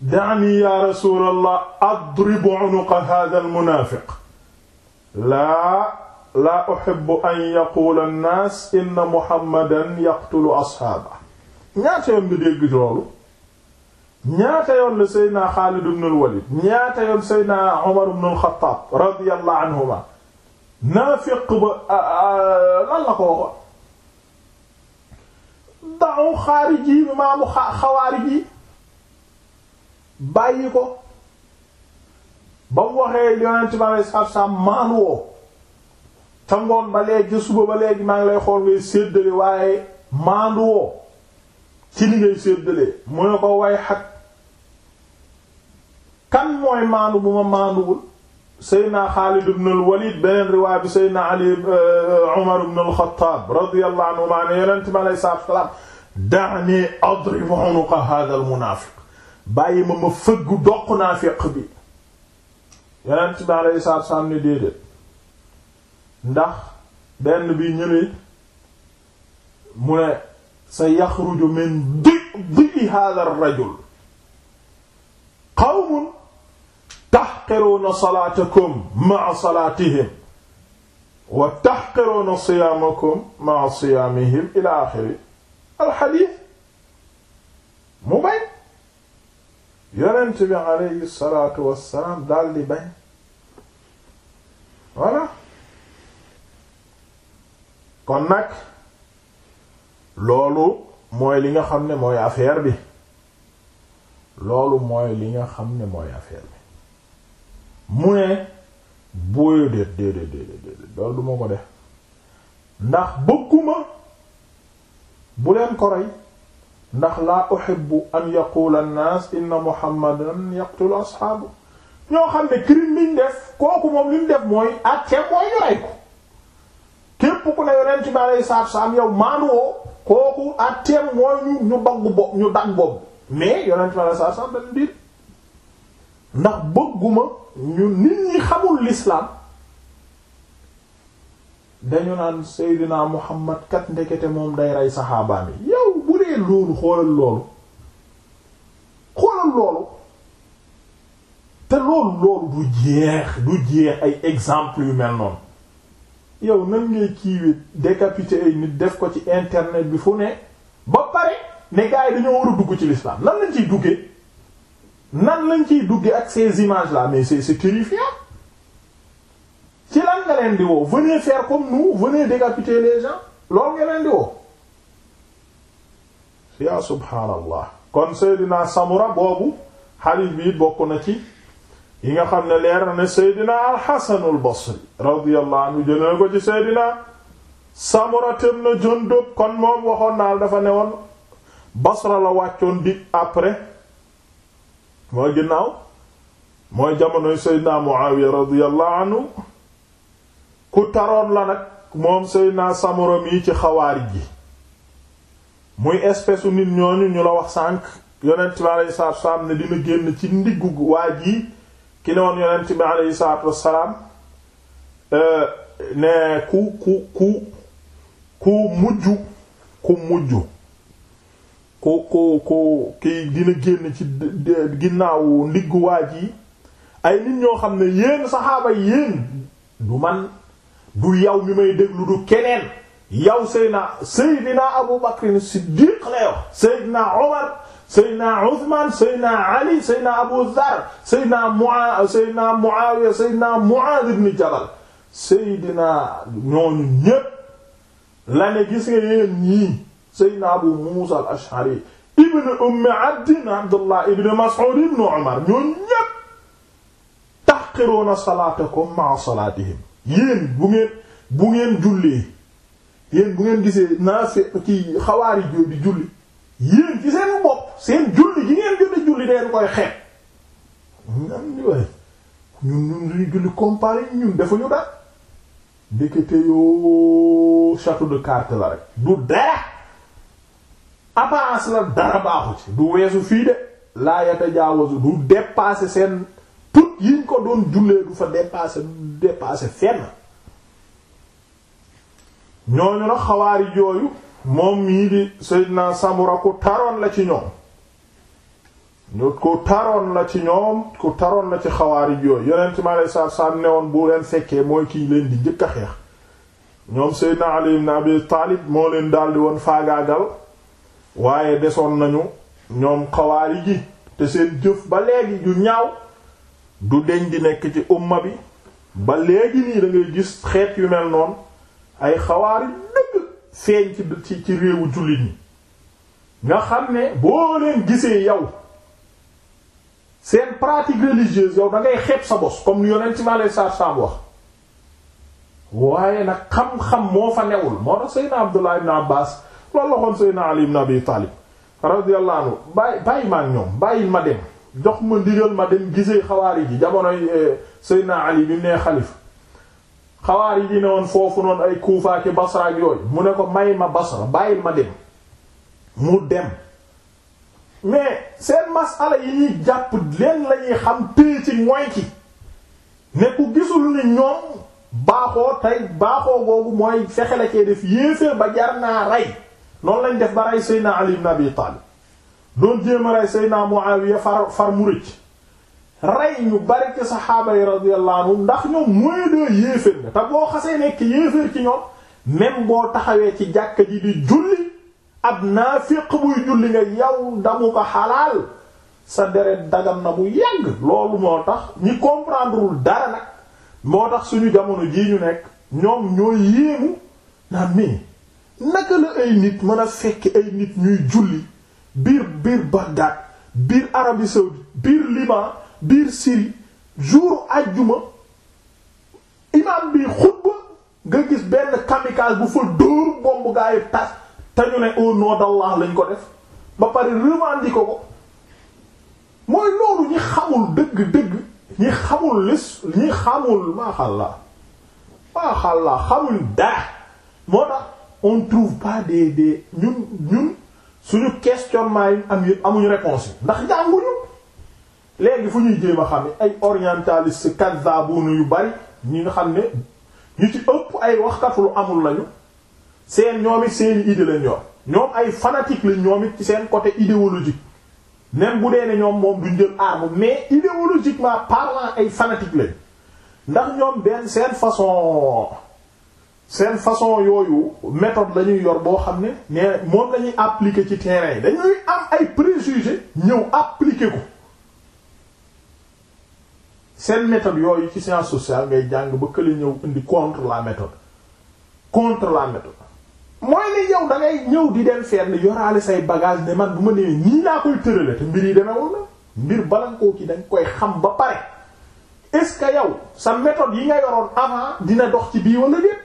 Speaker 1: da'ni ya rasulallah adribu unuqa hadha almunaafiq laa laa uhibbu an yaqula an-naas inna muhammadan yaqtulu asxaaba ñaata yoon nga dégg loolu ñaata yoon la seydna Xaalid ibn al-Walid ñaata yoon seydna Umar ibn al-Xattaab radiyallahu anhuma naafiq ba lan la ko waxoon da'u xaariji maamu xawaariji bàyyi ko ba mu waxee yonent ba lay saab saab maanu woo ca ngoon ba léegi suba ba léegi maa ngi lay xool ngay séddale waaye maandu woo ci ni ngay séddale mu ne ko way xat kan mooy maandu bu ma maanduwul seydna Xaalid ibn al-Walid beneen riwaay bi seydna Ali euh, Umar ibn al-Xattaab radiyallahu anhu maa ne yonent ba lay saab saab da'ni adrib unuqa haadha al-munaafiq bàyyi ma ma fëggu doq naa féq bi yonent bi aleyhi salaatu wa salaam ne déedéet ndax benn bi ñu ne mu ne sa yaxruju min di di hadha ar-rajul qawmun tahqiruuna salaatakum ma'a salaatihim wa tahqiruuna siyaamakum ma'a siyaamihim ila axiri al-hadiis mu bay yonent bi aleyhi salaatu wassalaam daldi bañ voilà kon nag loolu mooy li nga xam ne mooy affaire bi loolu mooy li nga xam ne mooy affaire bi mu ne booyo déet déedéet déedéet loolu du ma ko def ndax bëgguma bu leen ko rey ndax laa uhibbu an yaqula an-nas inna muhammadan yaqtulu ashaabu ñoo xam ne crime bi def kooku moom li def mooy àtte mooy ñu rey ko képp ku ne yonent bi alayhi salaatu salaam yow maanuwoo kooku àtteem mooy ñu dagg bo ñu dagg boobu mais yonent bi alayhi salaatu salaam dañu diir ndax bëgguma ñu nit ñi xamul l'islam dañu naan Seydina Muhammad kat ndekete moom day rey saxaabaam yi yow dee loolu xoolal loolu xoolal loolu te loolu loolu du jeex du jeex ay exemple yu mel noonu yow nan ngay kiiwee décapité ay nit def ko ci internet bi fu ne ba pare ne gars yi dañoo war a dugg ci l'islam nan lañ ciy duggee nan lañ ciy duggee ak ces images là mais c'est c'est ci lan nga leen di woo venez faire comme nous venez décapiter les gens loolu nga leen di woo yaa subhaanallah kon Seydina Samura boobu xadiis bi bokk na ci yi nga xam ne leer na ne Seydina al al-Basri radiyallahu anhu ko ci Seydina Samura ibn Jundub kon moom waxoon naal dafa ne woon Basra la wàccoon bi après mooy ginnaaw mooy jamonoy Seydina Muawiya radiyallahu anhu ku taroon la nag moom Seydina Samura mii ci xawaarij ji muy espèce u nit ñooñu ñu la wax sànq yonent bi alayhi salaatu wasalaam ne dina génn ci ndiggu waa ji ki ne woon yonent bi alayhi salaatu euh, ne ku ku ku ku mujj ku mujj ku ku ku ki dina génn ci ginnaawu ndiggu waa ji ay nit ñoo xam ne yéen saxaaba yéen du man du yow mi may déglu du keneen yow Seydina Seydina Abu Bakr Siddiq la wax Seydina Omar Seydina Ousmane Seydina Ali Seydina Abu Zar Seydina Muaaz Seydina Muawiya Seydina Muaaz ibn Jabal Seydina ñooñu ñépp la ne gis nga yéen ñii Seydina Abu Muusa al-Ash'ari ibn Ummi Abd Abdullah ibn Mas'ud ibn Umar ñooñu ñépp tahqiruuna salaatakum ma'a salaatihim yéen bu ngeen bu ngeen jullee yéen bu ngeen gisee naa se ci xawaari jooy julli yéen ci seen bopp seen julli gi ngeen julli julli deen koy xeet ñun ñun duñu julli comparé ñun dafa ñu dara ndekete yu château de carte la rek du dara apparence la baaxu ci du weesu fii de laa yatajaawazu du dépasser seen put yiñ ko doon jullee du fa dépasser du dépasser fenn ñooñu na xawaari yooyu moom mii di Seydina Samura ku taroon la ci ñoom ku taroon la ci ñoom ku taroon la ci xawaari yooyu yonent mi alayhi salaatu salaam ne woon bu leen fekkee mooy kii leen di njëkk a xeex ñoom Seydina Ali ibn Abi Taalib moo leen daldi woon faagaagal waaye desoon nañu ñoom xawaari ji te seen jëf ba léegi ju ñaaw du deñ di nekk ci umma bi ba léegi nii da gis xeet yu mel noon ay xawaari dëgg feeñ ci ci réewu jullit ñi nga xam ne boo leen gisee yow seen pratique religieuse yow da ngay xeeb sa bos comme ni yonent mi aleyhi salaatu salaam wax waaye nag xam-xam moo fa newul moo tax Seydina Abdullah ibn Abbas loolu la xoon Seydina Ali ibn Abi Talib radiyallahu anhu bàyyi bàyyi ma ak ñoom bàyyi ma dem jox ma ndigal ma dem gisee xawaari ji jamonoy eh, Seydina Ali bi mu nee xalifa xawaar yi ne woon foofu noonu ay Kufa ci Basra yooyu mu ne ko may ma Basra bàyyil ma dem mu dem mais seen masala yi ñuy jàpp leen la xam téye ci mooy ci ne ku gisul ni ñoom baaxoo tey baaxoo googu mooy fexe la cee def yéefee ba jar naa rey noonu lañ def ba rey Seydina Ali ibn Abi Talib doon jéem a rey Seydina Muawiya far far mu rëcc rey ñu bari ci saxaaba yi radiyallahu anhum ndax ñoom mooy doo yéeféer nga te boo xasee nekk yéeféer ci ñoom même boo taxawee ci jàkka ji di julli ab naafiq buy julli nga yow damu ko xalaal sa deret dagam na bu yàgg loolu moo tax ñi comprendrewul dara nag moo tax suñu jamono jii ñu nekk ñoom ñooy yéemu na mi naka la ay nit mën a fekk ay nit ñuy julli biir biir Bagdad biir Arabie saoudite biir Liban biir Syrie jouru àjjuma imam bi xutba nga gis benn kamikaze bu fa dóor bomb gaa tas te ñu ne au nom lañ ko def ba pare revendiquer ko mooy loolu ñi xamul dëgg-dëgg ñi xamul lis ñi xamul maaxàllaa maaxàllaa xamul daa moo tax on trouve pas des des ñun ñun suñu questionnement yi am amuñu réponse yi ndax jànguñu léegi fu ñuy jéem a xam ay orientaliste kazzabun yu bari ñi nga xam ne ñu ci ëpp ay waxkat lu amul lañu seen ñoom it seen idée lañ yor ñoom ay fanatique lañ ñoom it ci seen côté idéologique même bu dee ne ñoom moom duñ jël arme mais idéologiquement parlant ay fanatique lañ ndax ñoom benn seen façon seen façon yooyu méthode lañuy yor boo xam ne ne moom la ñuy appliquer ci terrain yi dañuy am ay préjugés ñëw appliquer ko. seen méthode yooyu ci science sociale ngay jàng ba kële ñëw indi contre la méthode contre la méthode mooy ne yow da ngay ñëw di dem fenn yoraale say bagage ne man bu ma nee ñii laa koy tërale te mbir yi demewul la mbir balankoo ki dañ koy xam ba pare est-ce que yow sa méthode yi nga yoroon avant dina dox ci bii wala déet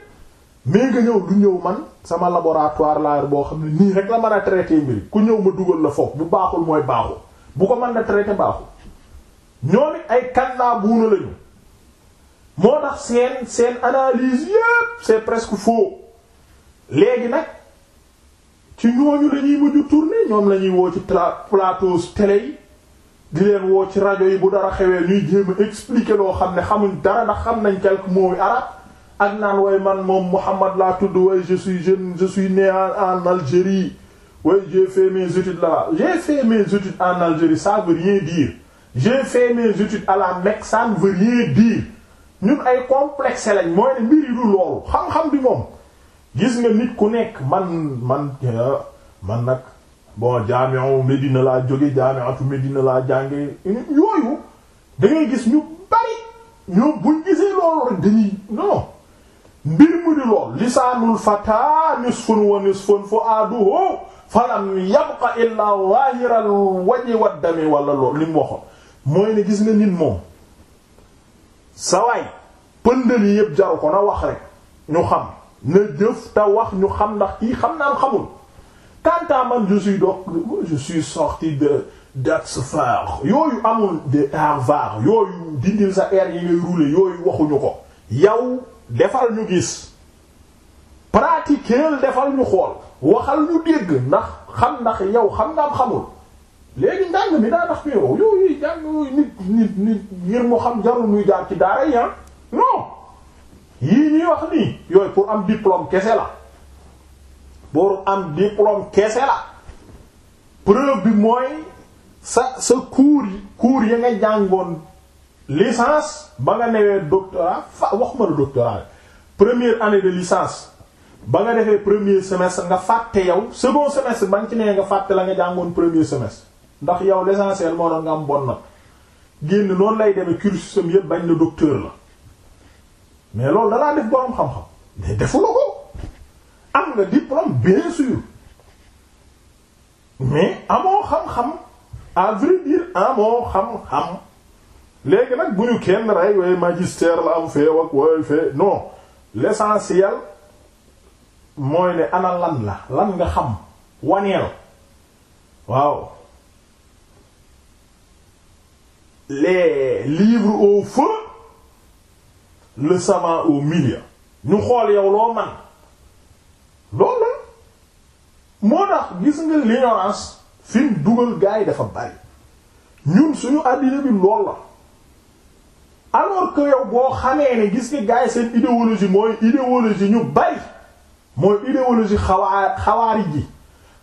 Speaker 1: mais nga ñëw du ñëw man sama laboratoire laa boo xam ne nii rek la mën a traiter mbir ku ñëw ma dugal la foofu bu baaxul mooy baaxul bu ko mën a traiter baaxul ñoom it ay kazaabuuna lañu moo tax seen seen analyse yépp c'est presque faux léegi nag ci ñooñu la ñuy mujj tourner ñoom la ñuy woo ci plateau télé yi di leen woo ci rajo yi bu dara xewee ñuy jéem expliqué loo xam ne xamuñ dara ndax xam nañ quelques mots arab ak naan way man moom Mouhamad laa tudd way je suis jeune je suis né en Algérie way j'ai fait mes études là-bas j'ai fait mes études Algérie ça veut rien j'ai fait mes études à la Mecque ça ñun ay complexe lañ mooy ne mbir du loolu xam-xam bi moom gis nga nit ku nekk man man euh, man nag bon jaami'u Medina laa jóge jaami'atu Medina laa jànge yooyu da gis ñu bari ñoom buñ gisee loolu rek dañuy non mbir mu di lool lisaanul fata nisfun wa nisfun fu'aduhu falam yabqa illa zahiral wajhi wad dami lool li mu mooy ne gis nga nit moom sawaay pëndal yi yëpp jaru ko na wax rek ñu xam na jëf te wax ñu xam ndax kii xam naa xamul quant à man je suis donc je suis sorti de d'Oxford yooyu amul de Harvard yooyu dindil sa eer yi ngay rouler yooyu waxuñu ko yow defal ñu gis pratiquer defal ñu xool waxal ñu dégg ndax xam ndax yow xam nga am xamul léegi njàng mi daa tax yow yooyu yooyu nit nit ngir moo xam jarul muy jaar ci daara yi ah non yii ñuy wax nii yooyu pour am diplôme kese la pour am diplôme kese la preuve bi mooy sa sa cours cours ya nga jàngoon licence ba nga newee doctorat fa waxuma la premier première année de licence ba nga defee premier semestre nga fàtte yow second semestre ba nga ci nee nga fàtte la nga jàngoon premier semestre ndax yow l'essentiel moo doon nga am bon note génn noonu lay demee cursusam yëpp bañ na docteur la mais loolu danaa def borom xam-xam mais defu la ko am nga diplôme bien sûr mais amoo xam-xam à vrai amoo xam-xam léegi nag bu ñu kenn rey waaye magistère la am fee ak fee non l'essentiel mooy ne ana lan la lan nga xam waneel waaw les livres au feu le saman au milieu ñu xool yow loo man loolu la moo tax gis nga l'ignorance fi dugal gars yi dafa bari ñun suñu àddina bi lool la alors que yow boo xamee ne gis nga gars yi seen idéologie mooy idéologie ñu bari mooy idéologie xawaar xawaari ji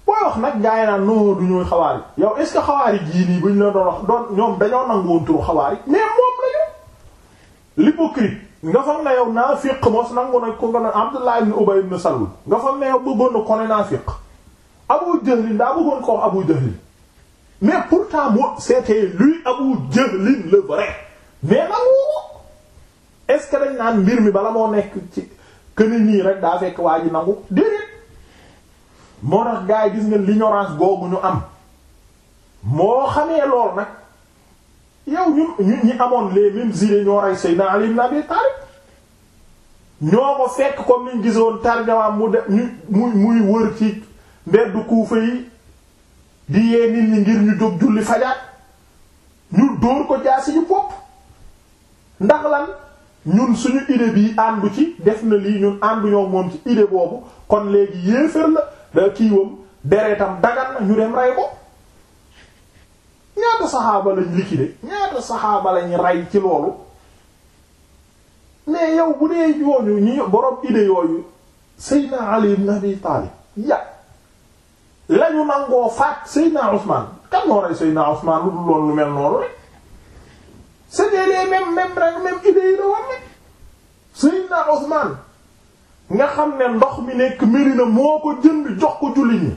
Speaker 1: booy wax nag gaa yi naan non du ñooy xawaari yow est xawaari jii nii bu ñu doon wax doon ñoom dañoo nanguwoon turu xawaari mais moom la yow l'hypocrite nga foog na yow naafiq mos nangu na ko nga ne Abdullah ibn naafiq Abu Jahl daa bëggoon ko Abu Jahl mais pourtant moi c'était lui Abu Jahl le vrai mais nangu est dañ naan mbir mi bala moo nekk ci këni nii rek daa fekk waa ji nangu moo tax gars yi gis nga l'ignorance googu ñu am moo xamee lool nag yow ñu ñi amoon les mêmes idées ñoo rey Seydina Ali ibn Abi Talib ñoo ko fekk comme niñ gisoon tarjama mu de ñu muy muy wër ci mbeddu Kuufa yi di yee nit ñi ngir ñu jóg julli fajar ñu dóor ko jaasi ñu bopp ndax lan ñun suñu idée bi àndu ci def na lii ñun ànduñoo moom ci idée boobu kon léegi yéefar la da kiiwam deretam dagan na ñu dem rey ko ñaata saxaaba lañ liquider ñaata saxaaba lañ rey ci loolu mais yow bu dee yooñu ñu borom idée yooyu Seydina Ali ibn Abi Talib ya lañu nangoo faat Seydina Ousmane kan moo rey Seydina Ousmane lu dul loon mel noonu rek c'est les mêmes mêmes rek même idée yi la rek Seydina Ousmane nga xam ne ndox mi nekk Medina moo ko jënd jox ko julli ñi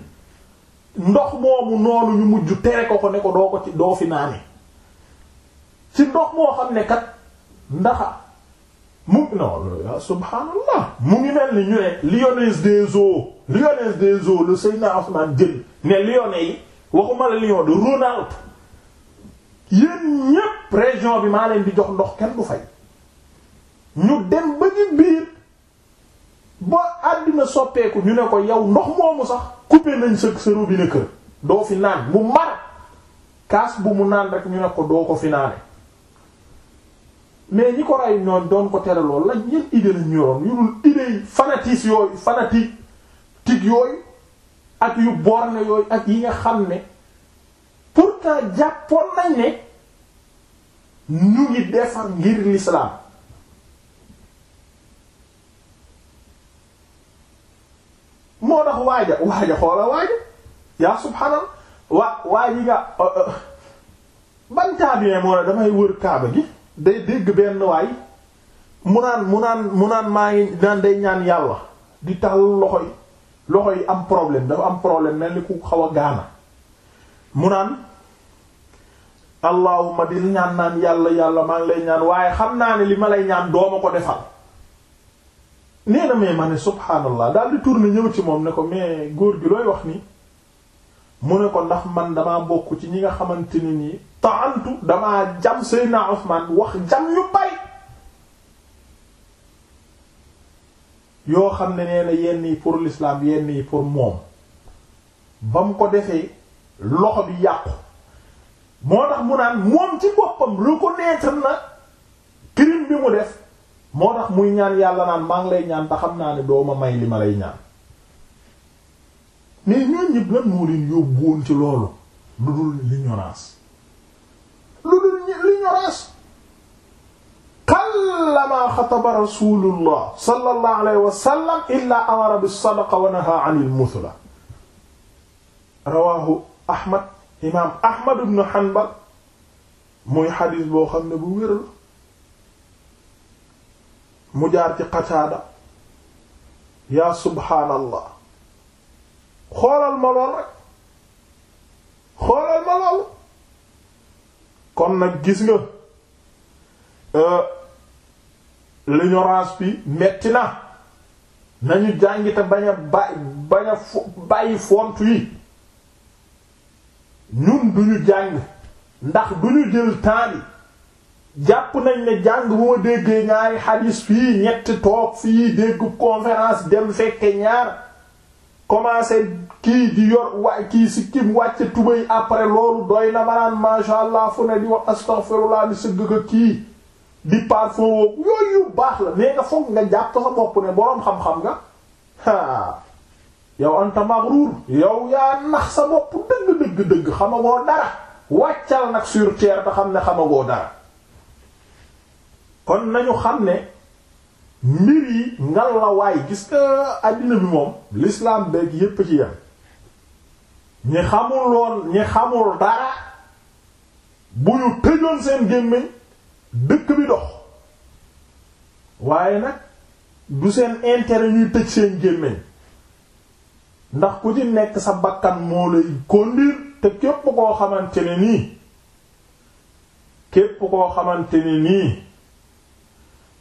Speaker 1: ndox moomu noonu ñu mujj tere ko ko ne ko doo ko ci doo fi naane ci ndox moo xam ne kat ndaxa mu non subhaanallah mu ngi mel ni ñu ne Lyonnaise des eaux Lyonnaise des eaux le Seydina Ousmane jël ne Lyonnais yi waxuma la Lyon de Rhône-Alpes ñépp région bi maa leen di jox ndox kenn du fay ñu dem ba ñu biir ba àddina soppeeku ñu ne ko yow ndox moomu sax coupé nañ sa sa robinet kër doo fi naan mu mar kaas bu mu naan rek ñu ne ko doo ko fi naane mais ñi ko rey ñoon doon ko tere lool la ñeen idée lañ ñoroon yu dul idée yi fanatique yooyu fanatique tig yooyu ak yu borne yooyu ak yi nga xam ne pourtant jàppoon nañ ne ñu ngi defar ngir l'islam moo tax waaja waaja xoola waaja yaa subhanallah waa waaji nga uh, uh, ban taabien moo ne damay wër kaaba gi day dégg benn waay mu naan mu naan mu naan maa ngi naan day ñaan yàlla di tàll loxo yi loxo yi am problème dafa am problème mel ni ku xaw a gaana mu naan allahuma di ñaan naan yàlla yàlla maa ngi lay ñaan waaye xam naa ni li ma lay ñaan dooma ko defal nee na mais ma ne subhaanallah daal di tourner ñëw ci moom ne ko mais góor gi looy wax ni mu ne ko ndax man damaa bokk ci ñi nga xamante ne nii taantu damaa jam Seydina Usmaan wax jam yu bay yoo xam ne nee na yenn yi pour l'islam yenn yi pour moom ba mu ko defee loxo bi yàqu moo tax mu naan moom ci boppam reconnaître na crime bi mu def moo tax muy ñaan yàlla naan maa ngi lay ñaan te xam naa ne doo ma may li ma lay ñaan mais ñooñu ñëpp lan moo leen yóbbuwoon ci loolu lu dul l'ignorance lu dul l'ignorance xallama xataba rasulullah sallallahu alayhi wa sallam illa amara bis-sadaqa wa naha anil muthla rawahu ahmad imam ahmad ibn hanbal muy xadis boo xam ne bu wér la mu jaar ci Qataada yaa subhaanallah xoolal ma lool rek xoolal ma lool kon nag gis nga euh, l'ignorance bi metti na nañu jàngite bañ bàyyi bañ a bàyyi font yi ñun duñu jàng ndax duñu jël temps bi jàpp nañ ne jàng bu ma déggee ñaari xadis fii ñetti toog fii dégg conférence dem fekke ñaar commencé kii di yor wa kii si kim wàcce tubay après loolu doy na manaan masha allah fu ne di wax astaghfirullah di sëgg ko kii di parfum woo yooyu baax la mais nga foog nga jàpp sa bopp ne boroom xam-xam nga a yow anta maghrur yow yaa nax sa bopp dëgg dëgg dëgg xamagoo dara wàccal nag sur terre te xam ne xamagoo dara kon nañu xam ne mbir yi ngal la waay gis nga àddina bi moom l'islam beeg yépp ci yam ñi xamul woon ñi xamul dara bu ñu tëjoon seen gémmiñ dëkk bi dox waaye nag du seen intere ñuy tëj seen gémmiñ ndax ku ci nekk sa bakkan moo lay conduire te képp koo xamante ni nii képp koo xamante ne nii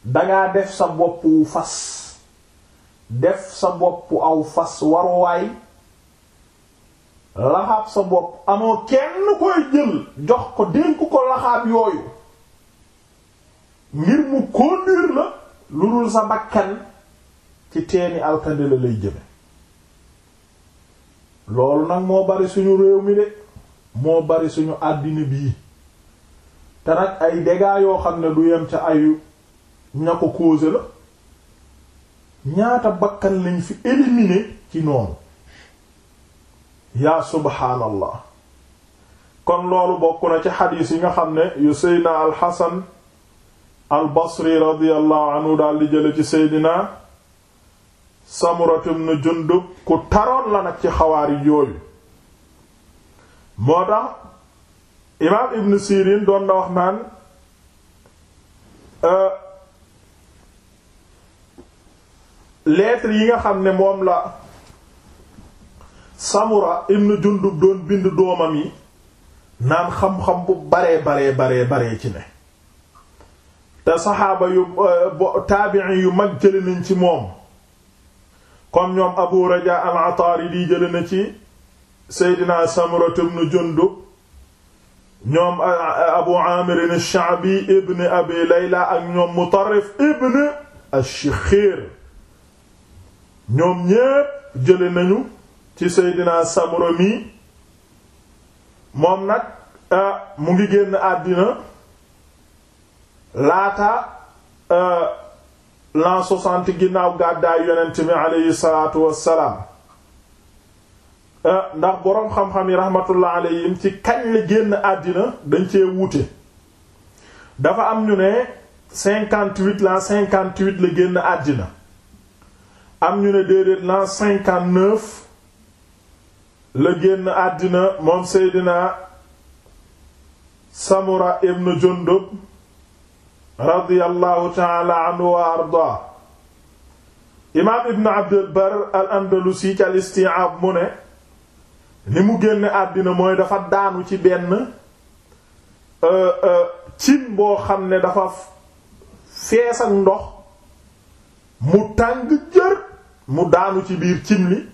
Speaker 1: dangaa def sa bopp wu fas def sa bopp aw fas waruwaay laxaab sa bopp amoo kenn koy jël jox ko dénk ko laxaab yooyu ngir mu conduire la lu dul sa bakkan ci teeni alkande la lay jëme loolu nag moo bari suñu réew mi de moo bari suñu àddina bii te nag ay yoo xam ne du yem ca ay ña ko la ñaata bakkan lañ fi éliminé ci noonu yaa subhaanallah kon loolu bokk na ci xadiis yi nga xam ne yu seydina alxasan al basri anhu daal di jële ci seydina samuratu ibn jundub ku taroon la nag ci xawaari yooyu moo tax imaam ibn sirin doon na wax naan euh, lettre yi nga xam ne moom la Samura ibn Jundub doon bind doomam yi naan xam-xam bu baree baree baree baree ci ne te saxaaba yu euh, taabi'i mag jëli nañ ci moom kon ñoom Abu Raja al-Ataridi jëli na ci Seydina Samura ibn Jundub ñoom euh, Abu Amir ash ibn Abi Layla ak ñoom Mutarrif ibn ash-Shikhir ñoom ñépp jële nañu ci Seydina Samura mi moom nag euh, mu ngi génn àddina laata euh, l'an soixante ginnaaw gàddaay yonent mi aleyhi salaatu wassalaam euh, ndax boroom xam-xam yi rahmatullah yi ci kañ la génn àddina dañ cee wuute dafa am ñu ne cinquante-huit la cinquante-huit la génn àddina am ñu ne déedéet l'an la génn àddina moom seydina samura ibn jundub radiyallahu taala anhu wa ardaa ibn abdul bar al andalusi ci al mu ne ni mu génn àddina mooy dafa daanu ci benn euh, euh, cin boo xam ne dafa fees ak ndox mu tàng jër mu daanu ci biir cin li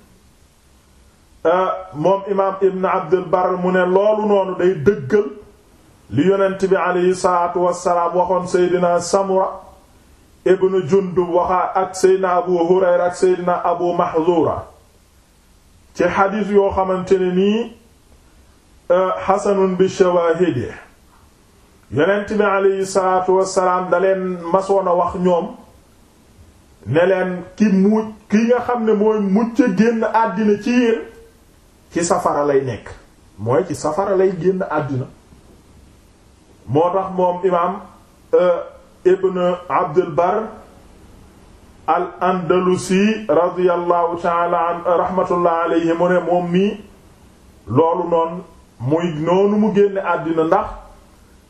Speaker 1: euh, moom imaam ibn abdul bar mu ne loolu noonu day dëggal li yonent bi aleyhi waxoon seydina samura ibnu jundub waxaa ak seydina abu hurayra ak seydina abu mahzura ci xadiis yoo xamante nii xasanun euh, bi shawaahidi yonent bi aleyhi da leen masoon a wax ñoom ne leen ki muuj ki nga xam ne mooy mucc génn àddina ci yéen ci safara lay nekk mooy ci safara lay génn àddina moo tax moom imaam euh, ibn abdul bar al andalusi radiallahu taala an rahmatullah mu ne moom mii loolu noonu muy noonu mu génn àddina ndax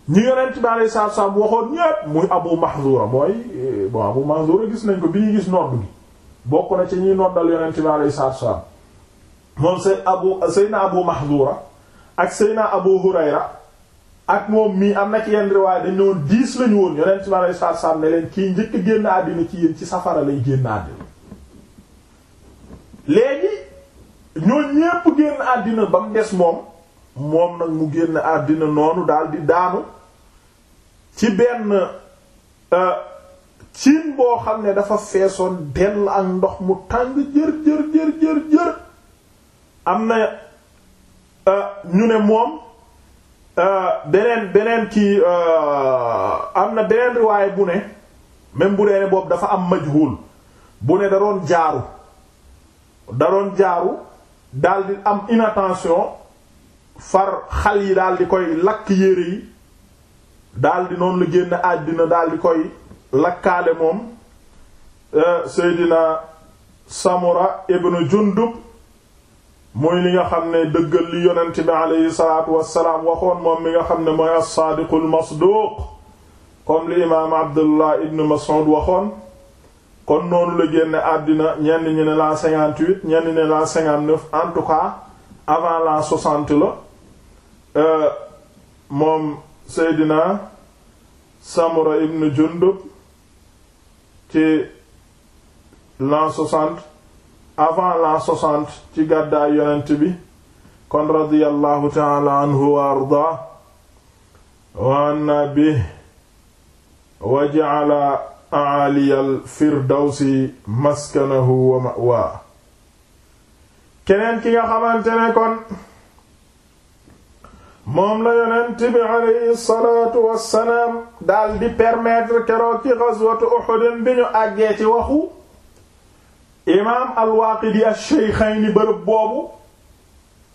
Speaker 1: ñi yonent bi alei saatu salaam waxoon ñépp muy abu mahzura mooy euh, bon abu mahzura gis nañ ko bi ñuy gis nodd gi bokk na ci ñuy noddal yonent bi alayhi salaatu wa salaam moom seen abu seyna abu mahzura ak seyna abu hurayra ak moom mii am na ci yenn riwaay dañ ñoon diis lañu woon yonent bi alayhi salaatu wa salaam ne leen kii njëkk génn àddina ci yéen ci safara lay génn àddina léegi ñoo ñépp génn àddina ba mu des moom moom nag mu génn àddina noonu daal daanu ci benn euh, siin boo xam ne dafa feesoon dell ak ndox mu tàng jër jër jër jër am na euh, ñu ne moom euh, beneen beneen kii euh, am na beneen riwaay bu ne même bu dee ne boobu dafa am majhul bu ne da doon jaaru da doon jaaru daldi am inattention far xal yi daldi koy lakk yére yi daldi noonu la génn àddina di koy lakkaale moom euh, Seydina Samura ibn Jundub muy li nga xam ne dëggal li yonent bi aleyhi salaatu wassalaam waxoon moom mi nga xam ne mooy as-saadiqul masduuq comme li imaam Abdullah ibn Mas'ud waxoon kon noonu la génne àddina ñenn ñi ne la 58 ñenn ne la 59 en tout cas avant la 60 euh, la moom Seydina Samura ibn Jundub ci l'an soixante avant l'an soixante ci gàddaay bi kon radiyallahu taala anhu wa ardaa wa anna bi wa ja'ala a'aliyal firdawsi maskanahu wa ma'wa keneen ki nga xamante ne kon moom la yonent bi aleyhi wassalaam daal di permettre keroog ci ghazwatu Uhud bi ñu àggee ci waxu imaam al-Waaqidi bërëb boobu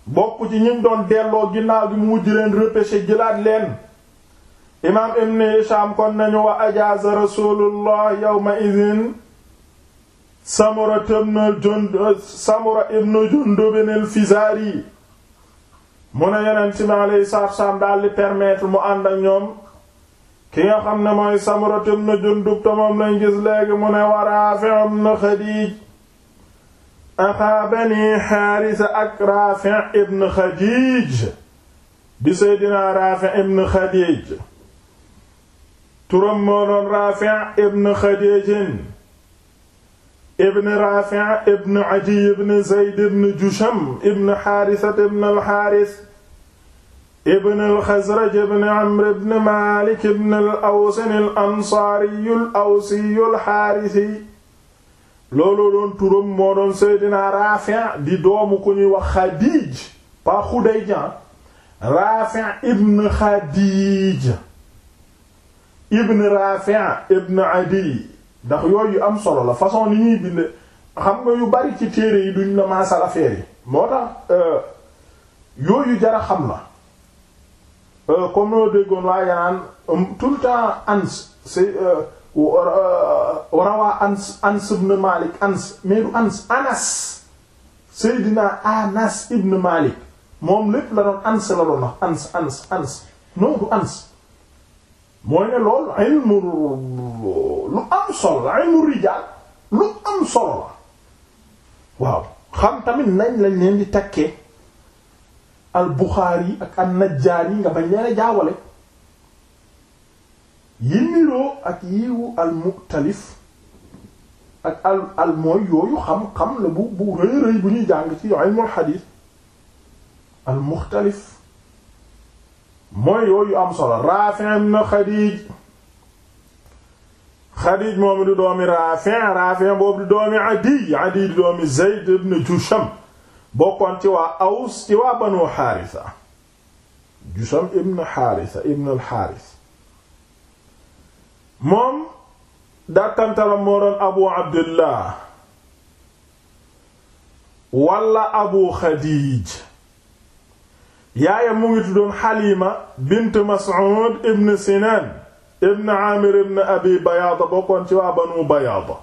Speaker 1: bokk ci ñiñ doon delloo ginnaaw bi mu mujj leen repêché jëlaat leen imaam Ibn Hisham kon nañu wa ajaaza Rasulullah yawma idhin Samura ibn Jundub Samura ibn Jundub mu ne yeneen ci ma alayhi salaatu salaam mu ànd ak ñoom ki nga xam ne mooy Samuratu ibn Jundub te moom lañ gis mu ne wa Raafi' ibn Xadiij axaa Bani Haarisa ak Raafi' ibn Xadiij di Seydina Raafi' ibn Xadiij turam moo doon Raafi' ibn Xadiij ibn Rafi' ibn Adi ibn Zayd ibn Jusham ibn Haarisa ibn al ibn al ibn Amr ibn Maalik ibn al-Aws al-Ansaari al-Awsi al-Haarisi doon turam moo doon Seydina Rafi' di doomu ku ñuy wax Xadiij pa Xudayjan Rafi' ibn Xadiij ibn Rafi' ibn Adi ndax yooyu am solo la façon ni ñuy bind xam nga yu bari ci téere yi duñ la maasal affaire yi moo tax euh, yooyu jara xam na euh, comme noo déggoon waa yanaan um, tout le temps ans c'est euh, rawaa ans ans ibn Malik ans mais du ans anas Seydina anas ibn Malik moom lépp la doon ans la doon wax ans ans ans non ans mooy ne loolu ilmu lu am solo la am solo la waaw xam tamit nañ lañ leen di takkee al Buxaari ak an Najjaari nga bañ leen a jaawale yi niroo ak yiwu al muktalif ak al al mooy yooyu xam-xam la bu rëy rëy bu ñuy jàng ci ilmul xadiis al muxtalif mooy yooyu am solo Rafi ibn Xadiij Xadiij moom di doomi Rafi Rafi boobu di doomi Adiy Adiy di doomi Zayd ibn Jusham bokkoon ci waa Aws ci waa Banu Haarisa Jusham ibn Haarisa ibn al moom dàkkantala moo doon Abu Abdillah walla Abu Xadiij yaayam mu ngi tuddoon Halima bint Mas'ud ibn Sinan ibn Amir ibn Abi Bayaada bokkoon ci waa Banu Bayaada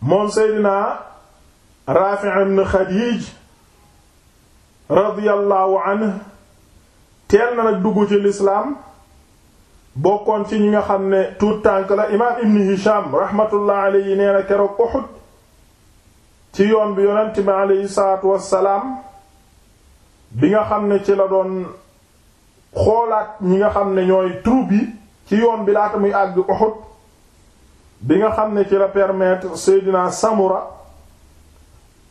Speaker 1: moom Seydina Raafi' ibn Khadij radiyallahu anhu teel na nag dugg ci lislaam bokkoon ci ñi nga xam ne tuut tànk la imaam Ibn Hisham rahmatullah alayhi nee na keroog Uhud ci yoon bi yonent bi alayhi salaatu wassalaam bi nga xam ne ci la doon xoolaat ñi nga xam ne ñooy troupe yi ci yoon bi laata muy àgg Uhud bi nga xam ne ci la permettre Seydina Samura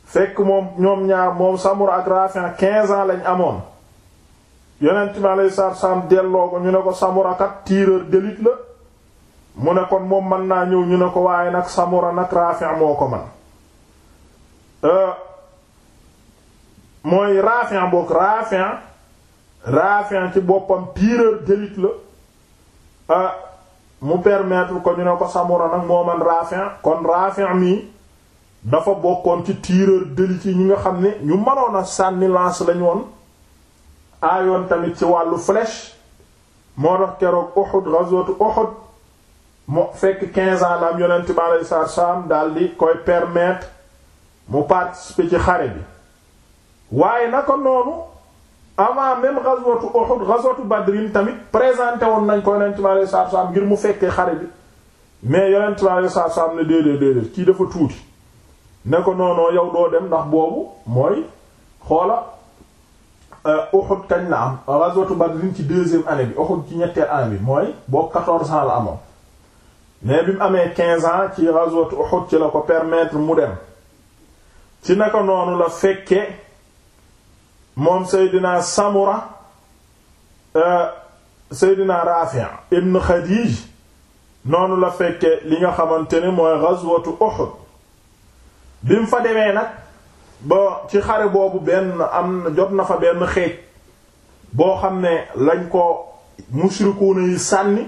Speaker 1: fekk moom ñoom ñaar moom Samura ak Rafi' quinze ans lañ amoon yeneen mi alayhi salaatu salaam delloo ko ñu ne ko Samura kat tireur d'élite la mu ne kon moom mën naa ñëw ñu ne ko waaye nag Samura nag Rafi' moo ko man euh, mooy Rafi' boog Rafi' Rafi' ci boppam tireur d'élite la ah, mu permettre ko ñu ne ko Samura nag moo man Rafi' kon Rafi' mi dafa bokkoon ci tireur d'élite yi ñi nga xam ne ñu mënoon a sànni lance lañu woon aayoon tamit ci wàllu flèche moo tax keroog Uhud ghazwatu Uhud mu fekk 15 ans la am yonent bi alayhi salaam daal di koy permettre mu participer ci xare bi. waaye naka noonu avant même ghazwatu Uhud ghazwatu Badrin tamit présenté woon nañ ko yonent bi alayhi salaatu ngir mu fekkee xare bi mais yonent bi alayhi salaatu salaam ne déedéet dafa tuuti ne ko noonoo yow doo dem boobu mooy xoola euh, Uhud kañ la am ghazwatu Badrin ci deuxième année bi ci ñetteel année mooy boo quatorze ans la amoon amee quinze ans ci ghazwatu ko permettre mu dem ci noonu la fekkee moom Seydina Samura euh, Seydina Rafi' ibn Khadij noonu la fekke li nga xamante ne mooy ghazwatu Uhud bi mu fa demee nag ba ci xare boobu benn am jot na fa benn xeej boo xam ne lañ ko mushrikuuna yi sànni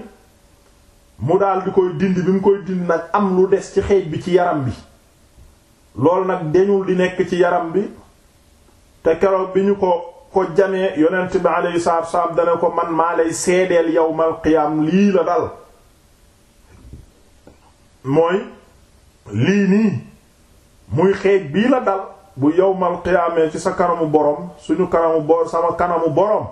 Speaker 1: mu daal di koy dindi bi mu koy dind nag am lu des ci xeej bi ci yaram bi loolu nag deñul di nekk ci yaram bi te keroog bi ñu ko ko jamee yonent bi alayhi salaatu wassalaam dana ko man maa lay seedeel yawmal qiyaam lii la dal mooy lii nii muy xeej bii la dal bu yawmal qiyaamee ci sa kanamu boroom suñu kanamu bo kanamu borom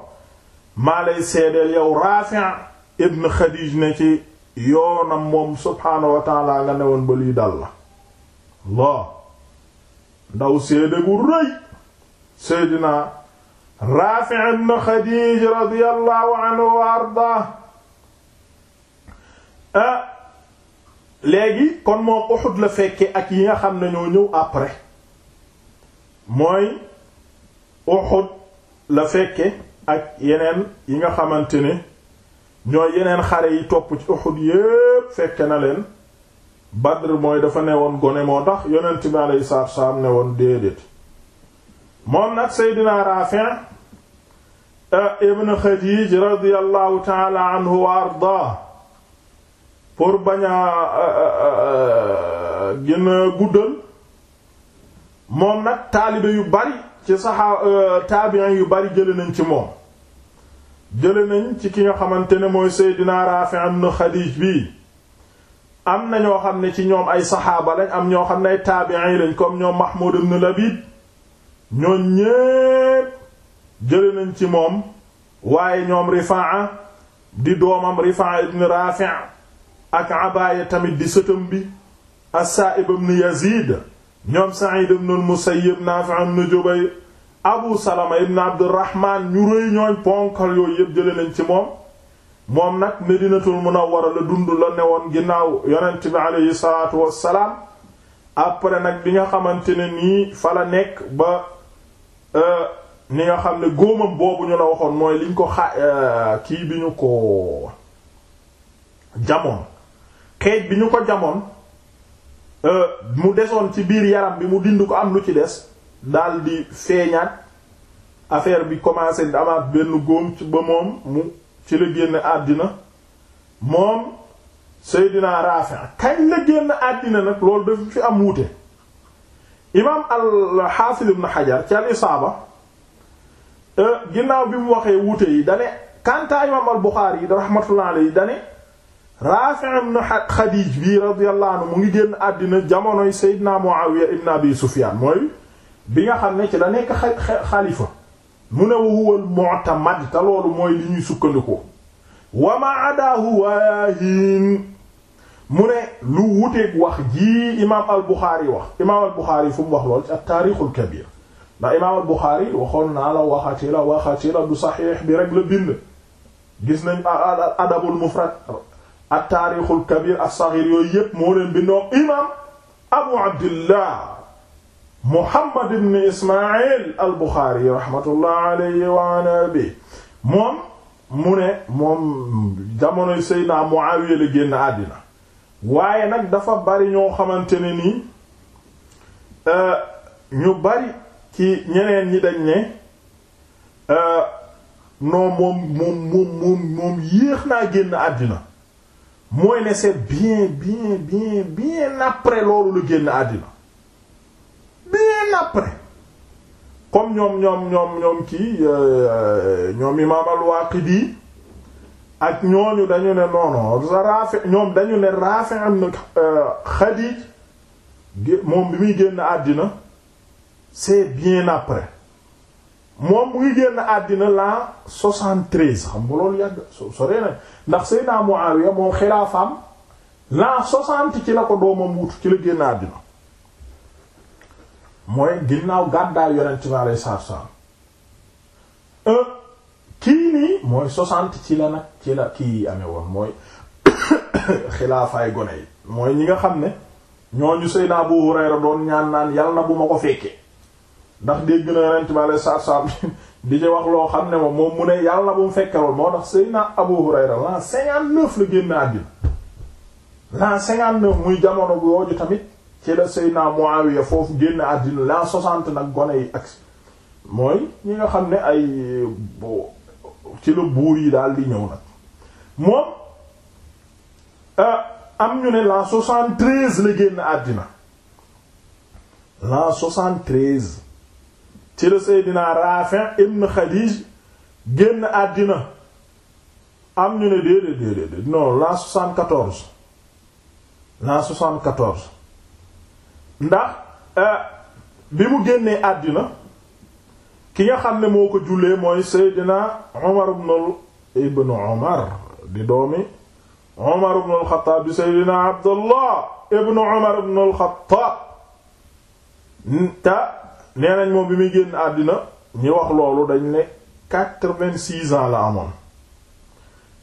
Speaker 1: maa lay seedeel yow Raafi' ibn Xadiij ne ci yoonam moom subhaanahu wa taala nga newoon ba lii dal la loo ndaw seede rëy seydina Raafi ibn Xadiij radiyallahu anhu wa ardaa ah, léegi kon moom Uhud la fekke ak yi nga xam ne ñoo ñëw après mooy Uhud la fekke ak yeneen yi nga xamante ni ñooy yeneen xare yi topp ci Uhud yépp fekke na leen Badr mooy dafa ne woon gone moo tax yonent bi alayhi salaatu wa salaam déedéet moom nag seydina Raafi' ah ibn Xadiij radiyallahu taala anhu wa ardaa pour bañ a gën a guddal moom nag taalibe yu bari ci saxaa euh, taabiin yu bari jële nañ ci moom jële nañ ci ki nga xamante ne mooy seydina Raafi' ibn Xadiij bii am na ñoo xam ne ci ñoom ay saxaaba lañ am ñoo xam ne ay taabiin lañ comme ñoom Mahmuud ibn Labiid ñoon ñépp jële nañ ci moom waaye ñoom rifaa di doomam rifaa ibn raafi ak abaaya tamit di sëtam bi as-sa'ib ibn yazid ñoom sa'id ibn al-musayyib naafi' ibn jubayr abu salama ibn abdurrahman ñu rëy ñooñ ponkal yooyu yépp jële nañ ci moom moom nag medinatul munawwara la dund la newoon ginnaaw yonent bi aleyhi salaatu wassalaam après nag bi nga xamante ne nii fa la nekk ba Euh, ni nga xam ne góomam boobu ñu la waxoon mooy liñ ko xa euh, kii bi ñu ko jamoon xeej bi ñu ko jamoon euh, mu desoon ci biir yaram bi mu dind ko am lu ci des daal di feeñaat affaire bi commencé di benn góom ci ba moom mu ci la génn àddina moom Seydina Rafi' kañ la génn àddina nag loolu daf fi am wuute imaam al-Haafid ibn Hajar ci al-Isaaba euh, ginnaaw bi mu waxee wuute yi dane kanta imaam al-Buxaari yi rahmatullah alayhi dane Raafi ibn Xadiij bi radiyallahu anhu mu ngi génn àddina jamonoy Seydina Muawiya ibn Abi Sufyaan mooy bi nga xam ne ci la nekk xalifa mu ne huwal mu'tamad te loolu mooy li ñuy sukkandikoo wa ma adaahu waahin mu ne lu wuteeg wax jii imaam al Bukhari wax imaam al Bukhari wax lool ci at-Taariixul Kabiir ndax imaam al Bukhari waxoon bi rek la bind. gis nañ adabul mufrad at-Taariixul Kabiir as-Saxiir yooyu yépp moo leen bindoo imaam Abu Abdillah mu ne moom jamonoy Seydina Muawiya la génn waaye nag dafa bari ñoo xamante ne nii euh, ñu bari ci ñeneen ñi dañ ne euh, non moom moom moom moom yéex naa génn àddina mooy ne c'est bien bien bien bien après loolu la génn àddina bien après comme ñoom ñoom ñoom ñoom kii euh, ñoom imaam al-Waaqidi ak ñooñu dañu ne noono Raafi ñoom dañu ne Raafi ibn euh, Khadij moom bi muy génn àddina c'est bien après moom mu ngi génn àddina la 73 xam nga loolu yàgg sore na ndax Seydina Muawiya moom xilaafaam la 60 ci la ko doomam wutu ci la génn àddina mooy ginnaaw gàddaay yonent bi alayhi salaatu wa salaam euh, kii nii mooy soixante ci la nag ci la kii amee woon mooy xilaafaay gone yi mooy ñi nga xam ne ñooñu Seydina Abu Hurayra doon ñaan naan yal na bu ma ko fekkee ndax dégg na Yonent bi alayhi salaatu salaam di ci wax loo xam ne moom moom mu ne yàlla bu mu fekkee woon moo tax Seydina Abu Hurayra l'an cinquante-neuf la génn àddina l'an muy jamono bu yooju tamit ci la Seydina Muawiya foofu génn àddina l'an soixante nag gone yi ak mooy ñi nga xam ne ay bo ci la buur yi daal di ñëw nag moom euh, am ñu ne l'an soixante-treize la génn àddina l'an soixante-treize ci la Seydina Rafi ibn Khadij génn àddina am ñu ne déedéet déedéet non l'an soixante-quatorze l'an soixante-quatorze ndax euh, bi mu génnee àddina ki nga xam ne moo ko jullee mooy Seydina Omar ibnul ibn Omar di doomi Omar ibnul Xattaab di Seydina Abdullah ibn Omar ibnul Xattaab ta nee nañ moom bi muy génn àddina ñi wax loolu dañ ne quatre-vingt-six ans la amoon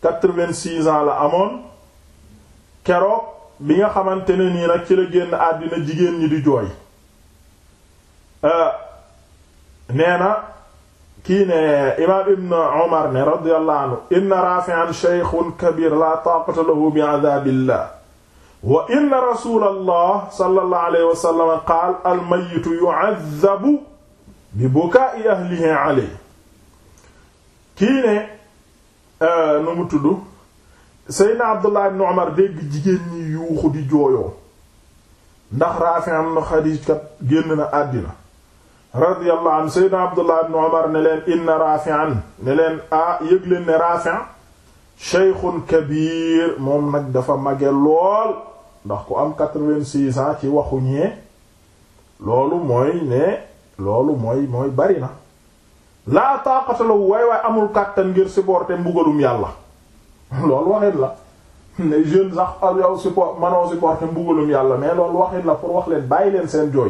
Speaker 1: quatre-vingt-six ans la amoon keroog bi nga xamante ne nii nag ci la génn àddina jigéen ñi di jooy. Euh, nee na kii ne imaam ibn Umar ne radiyallahu anhu inna Raafi'an shaykhun kabir la taaqata lahu bi'adaabillah wa inna rasulallah sallallahu alayhi wa sallam qaala al-mayyitu yu'adhabu bi bukaa'i ahlihi alayhi kii ne euh, nu mu tudd Seydina Abdullah ibn Umar dégg jigéen ñi yuuxu di jooyoo ndax Raafi' ibn Xadiij kat génn na àddina radiyallahu anhu seydna abdullah ibn umar ne leen inna rafi'an ne leen a yëg leen ne rafi' sheykhun kabir moom nag dafa mage lool ndax ku am quatre-vingt-six ci waxu ñee loolu mooy ne loolu mooy mooy bari na laa taaqata lahu waay waay amul kàttan ngir supporter mbugalum yàlla loolu waxit la ne jeune sax ah, yow support manoo supporter mbugalum yàlla mais loolu waxit la pour wax leen bàyyi leen seen jooy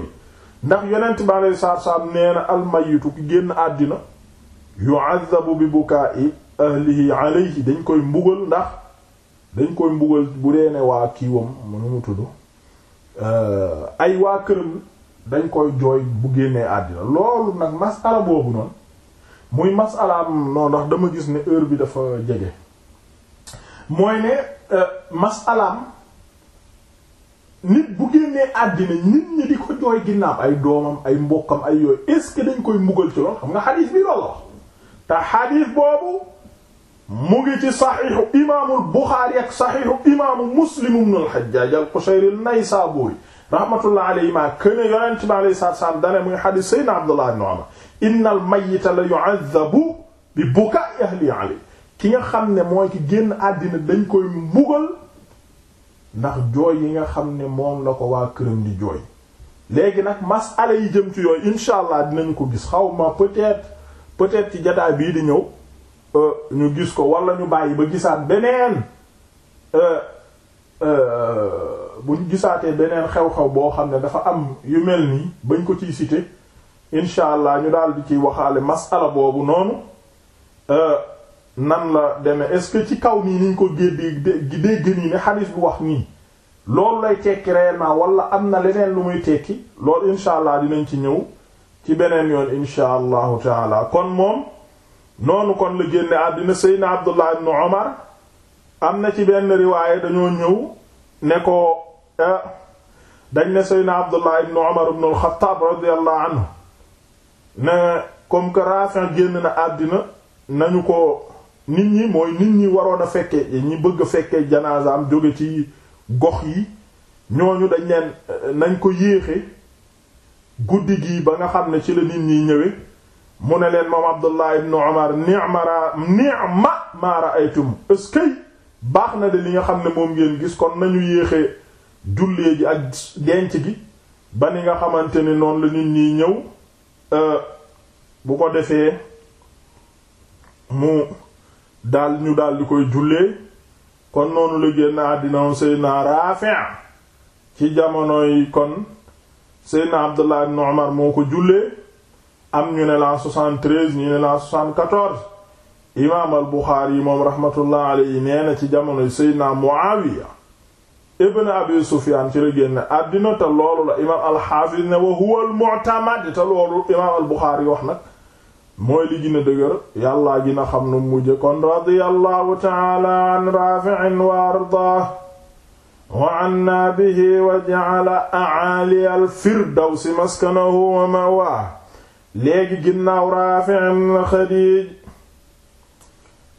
Speaker 1: ndax yonent bi aleyhi salaatu salaam nee almayitu ki génn àddina yu'azzabu bi bukaa'i ahlihi alayhi dañ koy mbugal ndax dañ koy mbugal bu dee ne waa kiiwam mu nu mu tudd eh, ay waa këram dañ koy jooy bu génnee àddina loolu nag masala boobu noonu muy masalaam noonu ndax dama gis ne heure bi dafa jege mooy ne eh, masalaam nit bu génnee àddina nit ñi di ko jooy ginnaaw ay doomam ay mbokkam ay yooyu est-ce que koy mbugal ci lool xam nga xadiis bi loolu wax te xadiis boobu mu ngi ci saxiixu imaamul Buxaari ak saxiixu imaamu Muslim ibn al-Hajjaaj al-Qushayri an-Naysaabuuri rahmatullahi alayhimaa kaana Yonent bi alayhi salaatu wa salaam dane muy xadiis Seydina Abdullah ibn Umar innal mayyita la yu'azzabu bi bukaa'i ahlihi alayhi ki nga xam ne mooy ki génn àddina dañ koy mbugal ndax jooy yi nga xam ne moom la ko waa këram di jooy léegi nag mas masala yi jëm ci yooyu incha allah dinañ ko gis xaw ma peut-être peut-être ci jataay bii di ñëw euh, ñu gis ko wala ñu bàyyi ba gisaat beneen euh, euh, buñ gisaatee beneen xew-xew boo xam ne dafa am yu mel nii bañ ko ciy cité incha allah ñu daal di ciy waxaale masala boobu noonu nan la demee est ci kaw nii niñ ko géddi dégg nii ne xadiis bu wax nii loolu lay tekki réellement wala am na leneen lu muy tekki loolu incha allah dinañ ci ñëw ci beneen yoon incha allahu taala kon moom noonu kon la génne àddina seydna abdullah ibn omar am na ci benn riwaaye dañoo ñëw ne ko eh, dañ ne seydna abdullah ibn omar ibn al anhu ne comme que Rafi génn na àddina nañu ko nit ñi mooy nit ñi waroon a fekkee ñi bëgg a fekkee janazaam jóge ci gox yi ñooñu dañ leen nañ ko yéexe guddi gi ba nga xam ne ci la nit ñi ñëwee mu ne leen moom Abdullah ibn Umar ni'mara ni'ma ma ra'aytum eskay baax na de li nga xam ne moom ngeen gis kon nañu yéexe jullee ji ak denc gi ba ni nga xamante ne noonu la nit ñi ñëw euh, bu ko defee mu daal ñu daal di koy jullee kon noonu la génn àddina seydna Raafi' ci jamonoy kon seydna Abdullah ibn Umar moo ko jullee am ñu ne la 73 ñu ne la imaam al Buxaari yi moom rahmatullah alayhi nee na ci jamonoy seydna Muawiya ibn Abi Sufyaan ci la génn àddina te loolu la imaam al Xaafiz ne wa huwa al mu'tamad te loolu imaam al Buxaari wax nag mooy li gën a dëgër yàllaa gën mujje kon radiyallahu ta'ala an rafi'in wa ardaah wa anna bihi wa ja'ala a'aliya al-firdawsi maskanahu wa ma'waa léegi ginnaaw rafi'in xadiij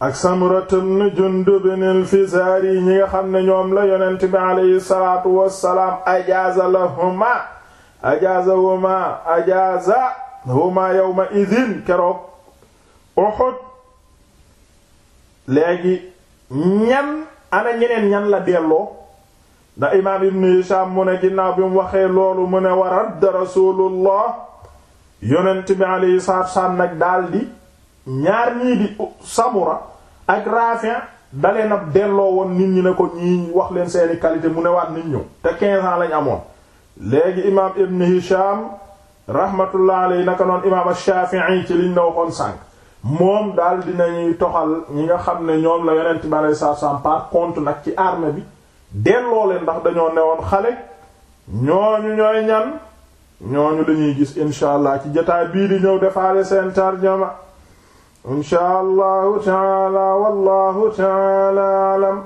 Speaker 1: ak samurata ibn jundub al-fizaari ñi nga xam ne ñoom la yonent bi alayhi salaatu wassalaam ajaaza lahuma ajaazahuma ajaaza huma yawma idin keroog Uhud léegi ñan ana ñeneen ñan la delloo da imaam ibn Hisham mu ne ginnaaw bi mu waxee loolu mu ne wa radda rasulullah yonent bi alayhi salaatu wassalaam nag daldi ñaar ñii di Samura ak Rafi' dalee nag delloo woon nit ñi ne ko ñii wax leen seeni qualité mu ne waat nit ñëw te 15 amoon léegi imaam ibn Hisham rahmatullah alayhi naka noon imaam Shaafi'i ci liñ naw kon sànq moom daal dinañuy toxal ñi nga xam ne ñoom la yonent bi alayhi salaatu salaam par contre nag ci bi delloo leen ndax dañoo newoon xale ñooñu ñooy ñan ñooñu lañuy gis incha ci jotaay bii di ñëw defaale seen tarjama taala wallahu taala alam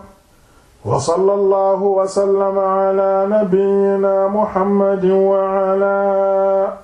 Speaker 1: wa sallallahu wa sallama ala nabiyyina muhammadin wa ala